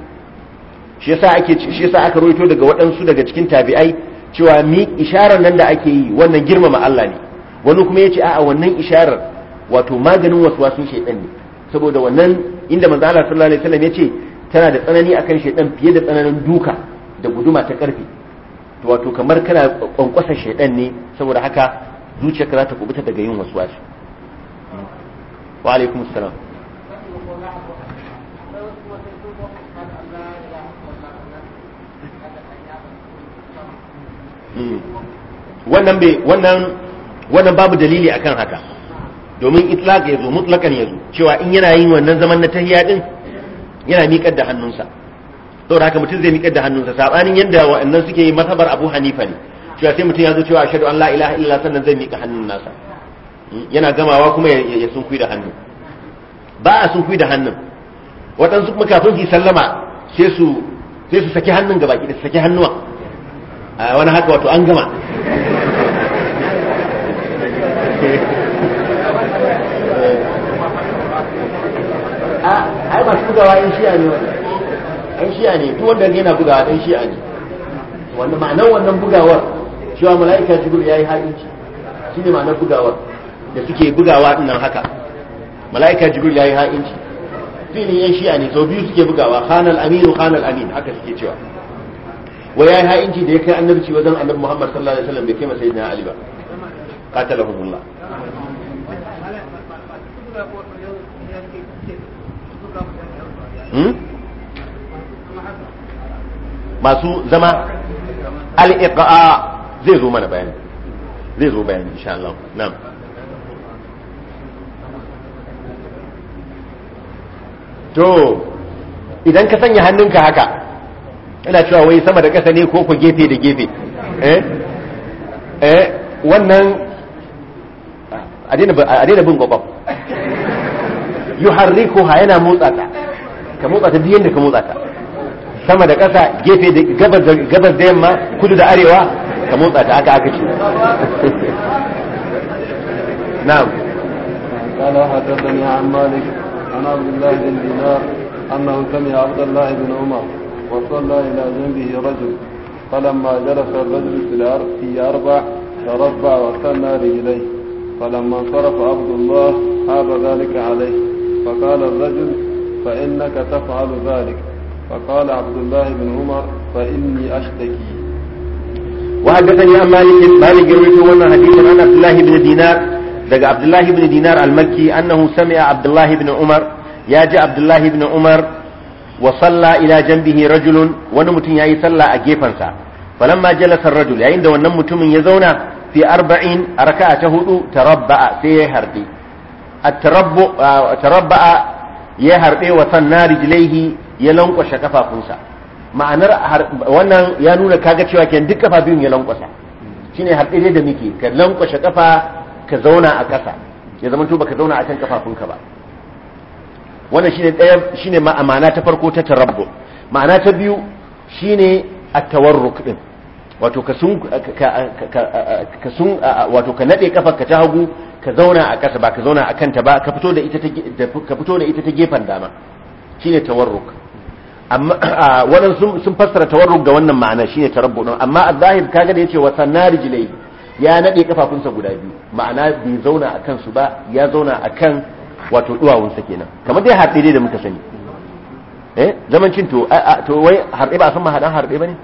shi yasa ake shi yasa aka roito daga waɗansu daga cikin tabi'ai cewa mi isharar nan da ake yi wannan girmama Allah ne wani kuma yace a'a wannan isharar wato maganin waswasin shaiɗan ne saboda wannan inda manzo Allah sallallahu alaihi wasallam yace tana da tsanani akan shaitan fiye da tsananin duka da guduma ta karfi wato kamar kana kwankwasa shaiɗan ne saboda haka zuciyarka za ta kubuta daga yin wasu wasu wa alaikum salam hmm. wannan bai wannan wannan babu dalili akan haka domin itlaq zo mutlakan zo. cewa in yana yin wannan zaman na tahiyya din yana miƙar da hannunsa saboda haka mutum zai miƙar da hannunsa sabanin yadda wa'annan suke yi masabar Abu Hanifa ne cewa sai mutum ya zo cewa ashhadu an la ilaha illa sannan zai miƙa hannun nasa yana gamawa kuma ya sunkuyi da hannu ba a sunkuyi da hannun waɗansu kuma kafin su sallama sai su saki hannun gaba ki da saki hannuwa a wani haka wato an gama ai masu bugawa yan shi'a ne wannan yan shi'a ne duk wanda yana bugawa dan shi'a ne wannan ma'anar wannan bugawar cewa mala'ika jibril yayi ha'inci shine ma'anar bugawar da suke bugawa nan haka mala'ika jibril yayi ha'inci filin yan shi'a ne sau biyu suke bugawa khanal aminu khanal amin haka suke cewa wa yayi ha'inci da ya kai annabci wajen annabi Muhammad sallallahu alaihi wasallam bai kai masa sayyidina Ali ba qatalahumullah hmm? masu zama al-iqa'a zai zo mana bayani zai zo bayani insha Allah na'am to idan ka sanya hannunka haka ina cewa wai sama da ƙasa ne ko ku gefe da gefe eh eh wannan a daina bin kwakwaf ha yana motsa ta ka motsa ta biyan da ka motsa ta sama da ƙasa gefe da gabas da yamma kudu da arewa ka motsa ta haka aka ce na'am قال حدثني عن مالك عن عبد الله بن دينار انه سمع عبد الله بن عمر وصلى الى جنبه رجل فلما جلس الرجل في اربع تربع وثنى رجليه فلما انصرف عبد الله حاب ذلك عليه فقال الرجل فانك تفعل ذلك فقال عبد الله بن عمر فاني اشتكي وحدثني عن مالك مالك يروي وانا حديثا عن عبد الله بن دينار دقى عبد الله بن دينار المكي أنه سمع عبد الله بن عمر يا جاء عبد الله بن عمر وصلى إلى جنبه رجل ونمت يأي صلى أجيفنسا فلما جلس الرجل يعني عندما نمت من يزونا في أربعين ركعته تربع سيهردي التربع تربع يهربي وصنى رجليه يلنقش كفافنسا ma'anar wannan ya nuna kaga cewa kenan duk kafa biyun ya lankwasa shine haɗe da muke ka lankwashe kafa ka zauna a ƙasa ya zama to baka zauna a kan kafafunka ba wannan shine ɗaya shine ma'ana ta farko ta tarabbu ma'ana ta biyu shine at-tawarruk din wato ka sun ka sun wato ka nade kafar ka ta hagu ka zauna a ƙasa ba ka zauna a kanta ba ka fito da ita ta ka fito da ita ta gefen dama shine tawarruk amma ah, wannan sun fassara tawarruk ga wannan ma'ana shine tarabbu din amma al zahir kaga da yace wa sanari jilai ya nade kafafunsa guda biyu ma'ana bai zauna akan su ba ya zauna akan wato duwawunsa kenan kamar dai harbe dai da muka sani eh zaman cinto to to wai harbe ba san mahadan harbe bane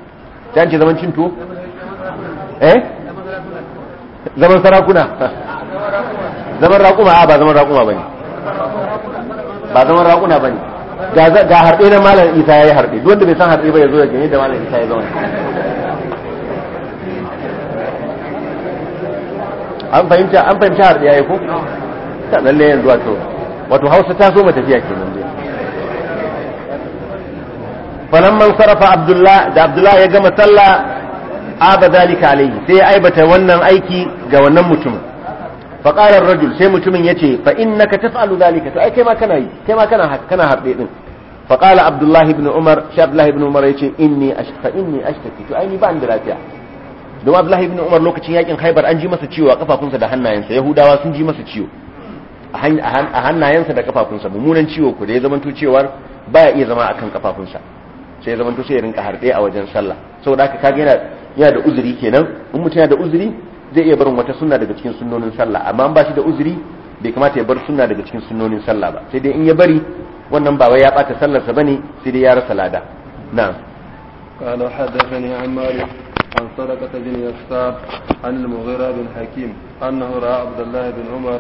dan ce zaman cinto eh zaman sarakuna zaman raƙuma a ba zaman raƙuma bane ba zaman raquna bane ga harɗe na malam isa ya yi harɗe duk wanda bai san harɗe ba ya zo da gani da malam isa ya zauna an fahimta an fahimta harɗe ya yi ko ta lalle yanzu wato wato hausa ta so matafiya ke nan man sarrafa abdullah da abdullah ya gama sallah aba zalika alaihi sai ya aibata wannan aiki ga wannan mutumin فقال الرجل سي rajul sai mutumin yace ذلك innaka taf'alu dhalika to كما kai ma kana فقال عبد الله بن عمر عبد الله بن abdullahi يتي umar shi abdullahi ibn umar yace inni ashfa inni ashtaki ba ni da lafiya don abdullahi ibn umar lokacin yakin haibar an ji masa ciwo a kafafunsa da hannayensa yahudawa sun ji masa ciwo a hannayensa da kafafunsa mummunan ciwo da ya cewar iya zama akan kafafunsa sai ya sai ya rinka harbe a wajen sallah saboda haka kaga yana yana da uzuri kenan in mutum yana da uzuri zai iya barin wata sunna daga cikin sunnonin sallah amma an ba shi da uzuri bai kamata ya bar sunna daga cikin sunnonin sallah ba sai dai in ya bari wannan ba wai ya bata sa bane sai dai ya rasa lada na'am قال حدثني عن مالك عن سرقة بن يسار عن المغيرة بن حكيم أنه رأى عبد الله بن عمر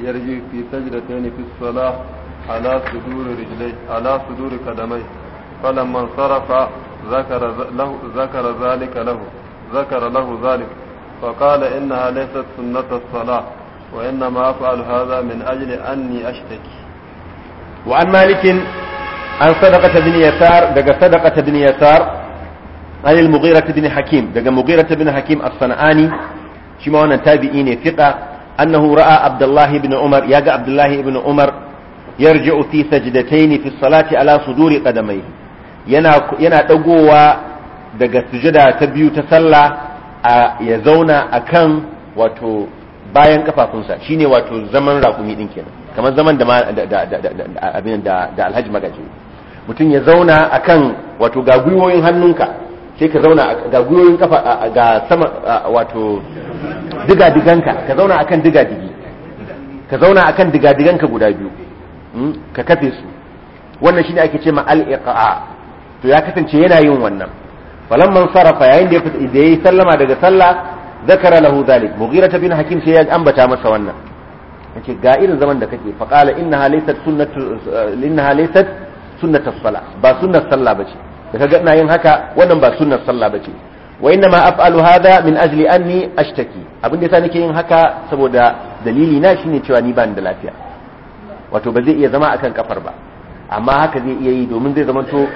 يرجع في سجدتين في الصلاة على صدور رجليه على صدور قدميه فلما انصرف ذكر له ذكر ذلك له ذكر له ذلك فقال إنها ليست سنة الصلاة وإنما أفعل هذا من أجل أني أشتكي وعن مالك عن صدقة بن يسار دقى صدقة بن يسار عن المغيرة بن حكيم دقى مغيرة بن حكيم الصنعاني شما وانا تابعيني ثقة أنه رأى عبد الله بن عمر يقى عبد الله بن عمر يرجع في سجدتين في الصلاة على صدور قدميه yana ɗagowa daga sujada ta biyu ta sallah ya zauna a kan wato bayan kafafunsa shine wato zaman raƙumi ɗin kenan kamar zaman da abin da alhaji magaji mutum ya zauna a kan wato ga gwiwoyin hannunka sai ka zauna ga gwiwoyin kafa ga sama wato digadiganka ka zauna a kan digadigi ka zauna a kan digadiganka guda biyu hmm? ka kafe su wannan shine ake ce ma al to ya kasance yana yin wannan falamman ya yayin da ya yi sallama daga sallah zakara lahu zalik mughira bin hakim sai ya ambata masa wannan yace ga irin zaman da kake fa qala innaha laysat sunnatu innaha laysat sunnatu sala ba sunnar sallah bace da ga ina yin haka wannan ba sunnar sallah bace wa inna ma af'alu hadha min ajli anni ashtaki abin da yasa nake yin haka saboda dalili na shine cewa ni ba ni da lafiya wato ba zai iya zama akan kafar ba amma haka zai iya yi domin zai zama to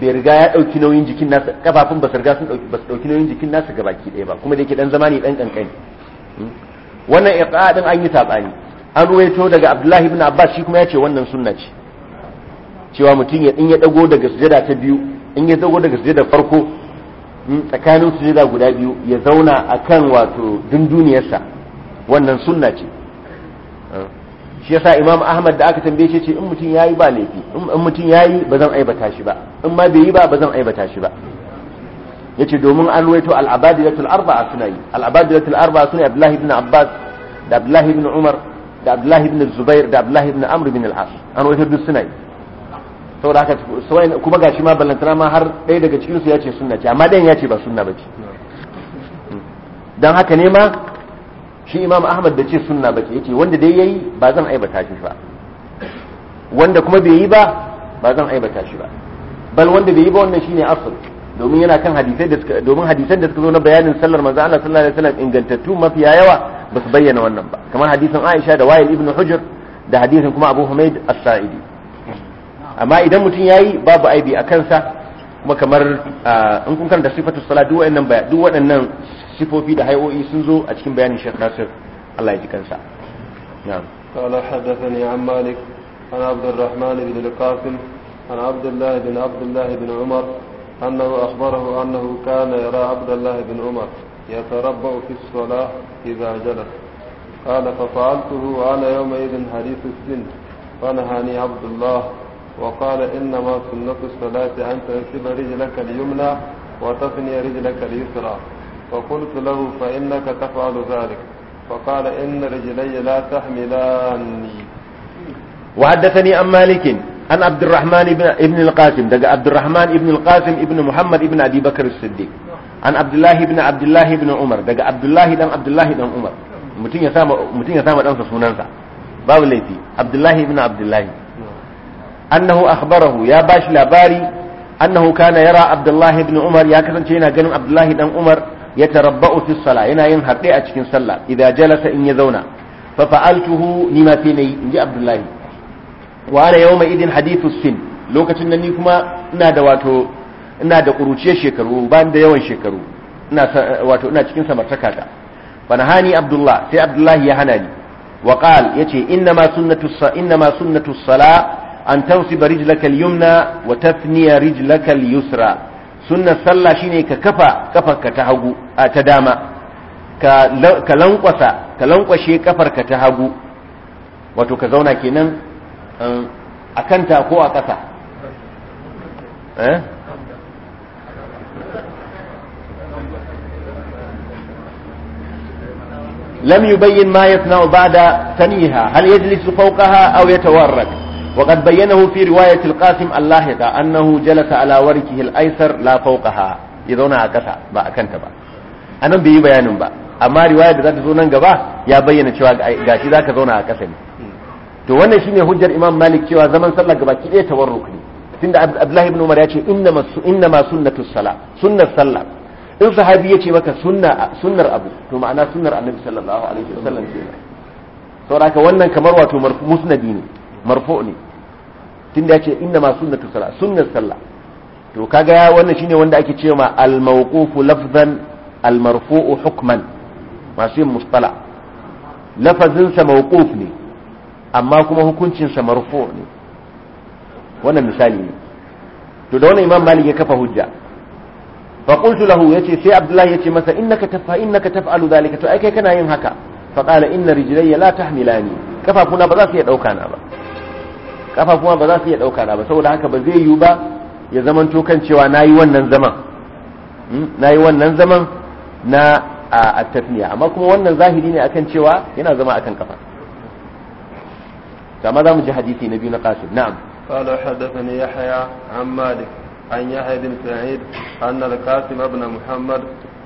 bai riga ya dauki nauyin jikin nasa kafafun ba su riga sun dauki ba su dauki nauyin jikin nasa gabaki daya ba kuma da yake dan zama ne dan kankani hmm? wannan iqadin din an yi sabani an ruwaito daga Abdullahi ibn Abbas shi kuma yace wannan sunna ce cewa mutum ya in ya dago daga sujada ta biyu in ya dago daga sujada farko hmm, tsakanin sujada guda biyu ya zauna akan wato dunduniyarsa wannan sunna ce hmm? shi yasa imam ahmad da aka tambaye shi ce in mutum yayi ba laifi in mutum yayi ba zan aibata shi ba in ma bai yi ba ba zan aibata shi ba yace domin an ruwaito al-abadiyatul arba'a suna yi al-abadiyatul arba'a suna abdullahi ibn abbas da abdullahi ibn umar da abdullahi ibn zubair da abdullahi ibn amr ibn al-as an ruwaito duk suna yi saboda haka kuma gashi ma ballantana ma har ɗaya daga cikin su yace sunna ce amma dan yace ba sunna ce hmm. dan haka ne ma shi imam ahmad da ce sunna ba ke yake wanda dai yayi ba zan aibata shi ba wanda kuma bai yi ba ba zan aibata shi ba bal wanda bai yi ba wannan shine asl domin yana kan hadisai da suka domin hadisan da suka zo na bayanin sallar manzo Allah sallallahu alaihi wasallam ingantattu mafiya yawa ba su bayyana wannan ba kamar hadisin Aisha da Wa'il ibn Hujr da hadisin kuma Abu Humaid As-Sa'idi amma idan mutum yayi babu aibi a kansa kuma kamar ah, in kun karanta sifatu salatu wa'annan duk waɗannan sifofi da hayoyi sun zo a cikin bayanin Sheikh Nasir Allah ya ji kansa na'am qala hadathani an Malik an abdurrahman ibn al-Qasim an Abdullah ibn Abdullah ibn Umar أنه أخبره أنه كان يرى عبد الله بن عمر يتربع في الصلاة إذا جلس قال ففعلته وأنا يومئذ حديث السن فنهاني عبد الله وقال إنما سنة الصلاة أن تنسب رجلك اليمنى وتثني رجلك اليسرى فقلت له فإنك تفعل ذلك فقال إن رجلي لا تحملاني وحدثني عن مالك عن عبد الرحمن بن ابن القاسم دقى عبد الرحمن بن القاسم ابن محمد بن أبي بكر الصديق عن عبد الله بن عبد الله بن عمر دقى عبد الله بن عبد الله بن عمر mutum ya sama mutum ya sama ɗansa sunansa babu laifi abdullahi ibn abdullahi annahu akhbarahu ya bashi labari annahu kana yara abdullahi ibn umar ya kasance yana عبد الله dan عمر ya tarabba'u fi yana yin haɗe a cikin sallah idan jalasa in ya zauna fa fa'altuhu ni ma sai nayi inji abdullahi wa ana yawma idin hadithu sin lokacin nan ni kuma ina da wato ina da kuruciyar shekaru ba da yawan shekaru ina wato ina cikin samartaka ta fa abdullah sai abdullahi ya hana ni wa qal yace inna ma sunnatu inna ma sunnatu sala an tansiba rijlaka al-yumna wa tathniya rijlaka al-yusra sunnar sallah shine ka kafa kafarka ta hagu a ta dama ka lankwasa ka lankwashe kafarka ta hagu wato ka zauna kenan um, a kanta ko a ƙasa لم يبين ما يصنع بعد ثنيها هل يجلس فوقها أو يتورك وقد بينه في رواية القاسم اللاحقة أنه جلس على وركه الأيسر لا فوقها يذون هكذا با أكنت با أنا بي بيان با أما رواية ذات زونان قبا يا بيان شوى قاشي ذاك ذون هكذا to wannan shine hujjar Imam Malik cewa zaman sallah gabaki ɗaya tawarruk ne tunda Abdullahi ibn Umar ya ce inna masu sunnatu sallah in sahabi ya ce maka sunna sunnar abu to ma'ana sunnar Annabi sallallahu alaihi wasallam kenan wannan kamar wato musnadi ne marfu ne ya yace inna ma sunnatu sallah sunan sallah to kaga ya wannan shine wanda ake cewa ma al mawqufu lafzan al marfu'u hukman masu yin mustala lafazin sa mawquf ne amma kuma hukuncin sa marfu ne wannan misali ne to da wannan imam malik ya kafa hujja fa qultu lahu yace sai abdullahi yace masa innaka tafa innaka taf'alu zalika to ai kai kana yin haka fa qala inna rijlayya la tahmilani kafafuna ba za su iya dauka na ba kafa kuma ba za su iya ɗauka ba saboda haka ba zai yiwu ba ya zaman kan cewa na yi wannan zaman hmm? na yi wannan zaman na a amma kuma wannan zahiri ne akan cewa yana zama akan kafa kama za mu ji hadisi na biyu na kasu na'am قال حدثني يحيى عن مالك عن يحيى بن سعيد أن القاسم بن محمد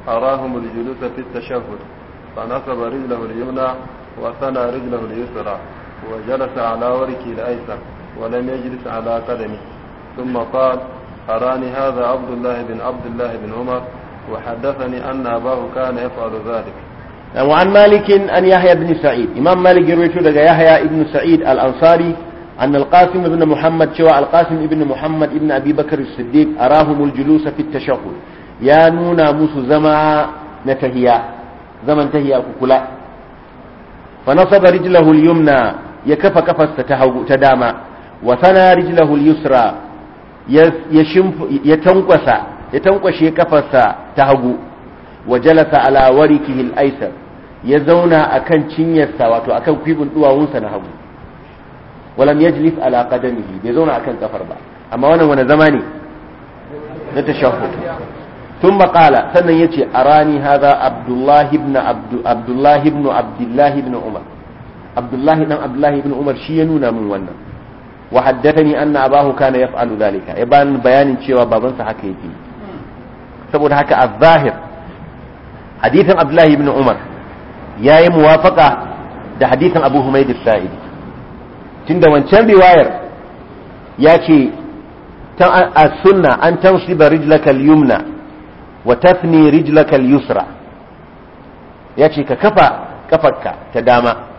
أراهم الجلوس في التشهد فنصب wa اليمنى وثنى رجله اليسرى وجلس على وركه الأيسر ولم يجلس على قدمه ثم قال أراني هذا عبد الله بن عبد الله بن عمر وحدثني أن أباه كان يفعل ذلك وعن مالك أن يحيى بن سعيد إمام مالك يروي لك يحيى بن سعيد الأنصاري أن القاسم بن محمد شوى القاسم بن محمد بن أبي بكر الصديق أراهم الجلوس في التشهد يا نونا موسى زمع نتهيا زمن تهيا ككلا فنصب رجله اليمنى يكف كفست تداما wa sana rijlahu al-yusra ya shimfu ya tankwasa ya tankwashe kafarsa ta hagu wa jalasa ala warikihi al-aysar ya zauna akan cinyarsa wato akan kwibin duwawunsa na hagu walam yajlis ala qadamihi bai zauna akan kafar ba amma wannan wani zama ne na tashahhud ثم قال سنن يتي أراني هذا عبد الله بن عبد عبد الله بن عبد الله بن عمر عبد الله بن عبد الله بن عمر شي ينونا من wannan wa haddathani anna abahu kana yaf'alu dhalika ya bani bayanin cewa babansa haka yake saboda haka az-zahir hadithan abdullahi ibn umar yayi muwafaƙa da hadithan abu humayd as-sa'idi tunda wancan riwayar ya ce as-sunna an tansiba rijlaka al-yumna wa tafni rijlaka yusra ya ce ka kafa kafarka ta dama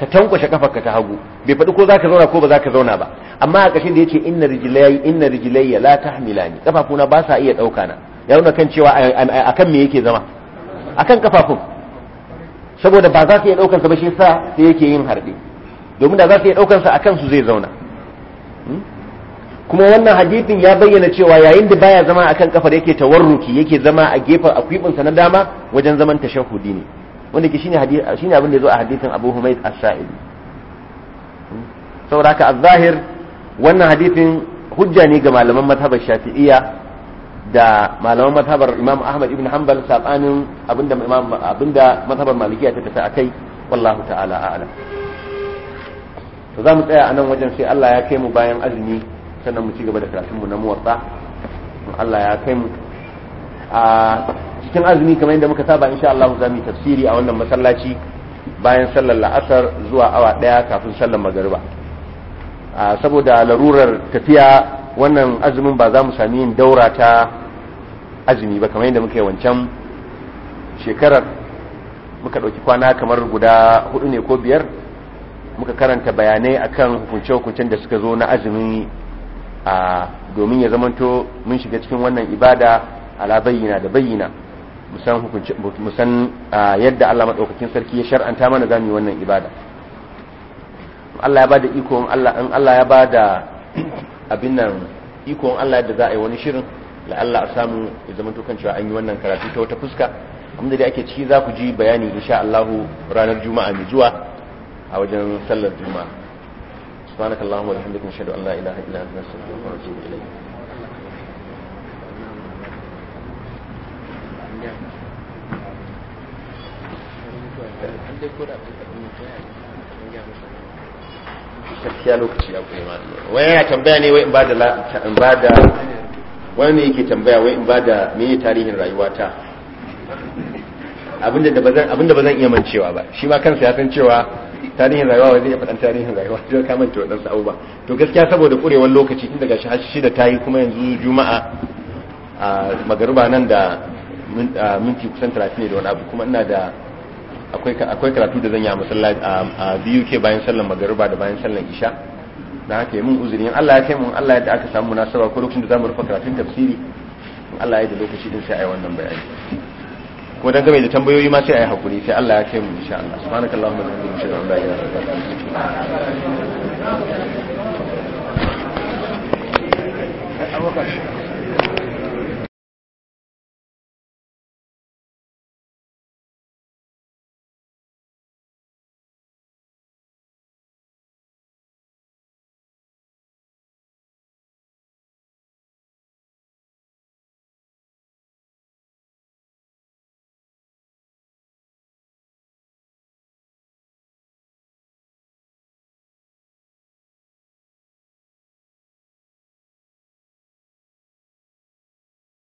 ka tankwashe kafarka ta hagu bai faɗi ko zaka zauna ko ba ka zauna ba amma a ƙashin da yace inna rijlayya inna ya la tahmilani kafafuna ba sa iya ɗauka na ya nuna kan cewa akan me yake zama akan kafafun saboda ba za su iya ɗaukansa ba shi yasa sai yake yin harbe domin da za su iya ɗaukansa akan su zai zauna hmm? kuma wannan hadithin ya bayyana cewa yayin da baya zama akan kafar yake tawarruki yake zama a gefen akwibinsa na dama wajen zaman tashahudi ne wanda ke shine hadisi shine abin da yazo a hadisin Abu Humayd As-Sa'idi hmm? saboda haka az-zahir wannan hadisin hujja ne ga malaman mazhabar Shafi'iyya da malaman mazhabar Imam Ahmad ibn Hanbal sabanin abinda Imam abinda mazhabar Malikiya ta tafi akai wallahu ta'ala a'lam to za mu tsaya a nan wajen sai Allah ya kai mu bayan azumi sannan mu ci gaba da karatunmu na muwatsa Allah ya kai mu cikin azumi kamar yadda muka saba insha Allah za mu yi tafsiri a wannan masallaci bayan sallar la'asar zuwa awa ɗaya kafin sallar magariba saboda larurar tafiya wannan azumin ba za mu sami yin daura ta azumi ba kamar yadda muka yi wancan shekarar muka ɗauki kwana kamar guda hudu ne ko biyar muka karanta bayanai akan hukunce-hukuncen da suka zo na azumi domin ya zamanto mun shiga cikin wannan ibada ala bayyana da bayyana musan ah, yadda Allah madaukakin sarki ya shar'anta mana za mu yi wannan ibada Allah ya ba da ikon Allah in Allah ya ba da abin nan iko Allah yadda za a yi wani shirin la Allah a samu ya zama tukan cewa an yi wannan karatu ta wata fuska amma da ake ciki za ku ji bayani insha Allah ranar juma'a mai zuwa a wajen sallar juma'a subhanakallahumma wa bihamdika ashhadu an la ilaha illa anta astaghfiruka wa atubu ilayk dai ko da abin da mun kai mun ga masa gaskiya lokaci ya koyi mana wai yana tambaya ne wai in ba da in ba da wani ne yake tambaya wai in ba da meye tarihin rayuwata abinda da bazan abinda iya mancewa ba shi ma kansa ya san cewa tarihin rayuwa wai zai faɗan tarihin rayuwa to ka manta wa wadansu ba to gaskiya saboda kurewar lokaci tun daga shi da tayi kuma yanzu juma'a a magaruba nan da minti kusan 30 ne da wani abu kuma ina da akwai karatu da zan yi a masallaci a biyu ke bayan sallan magariba da bayan sallan isha da haka yi mun uzuri in Allah ya kai mun Allah ya da aka samu munasaba ko lokacin da zamu rufe karatun tafsiri in Allah ya da lokaci din sai ayi wannan bayani ko dan game da tambayoyi ma sai ayi hakuri sai Allah ya kai mun insha Allah subhanakallahu wa bihamdika ashhadu an la ilaha illa anta astaghfiruka wa atubu ilaik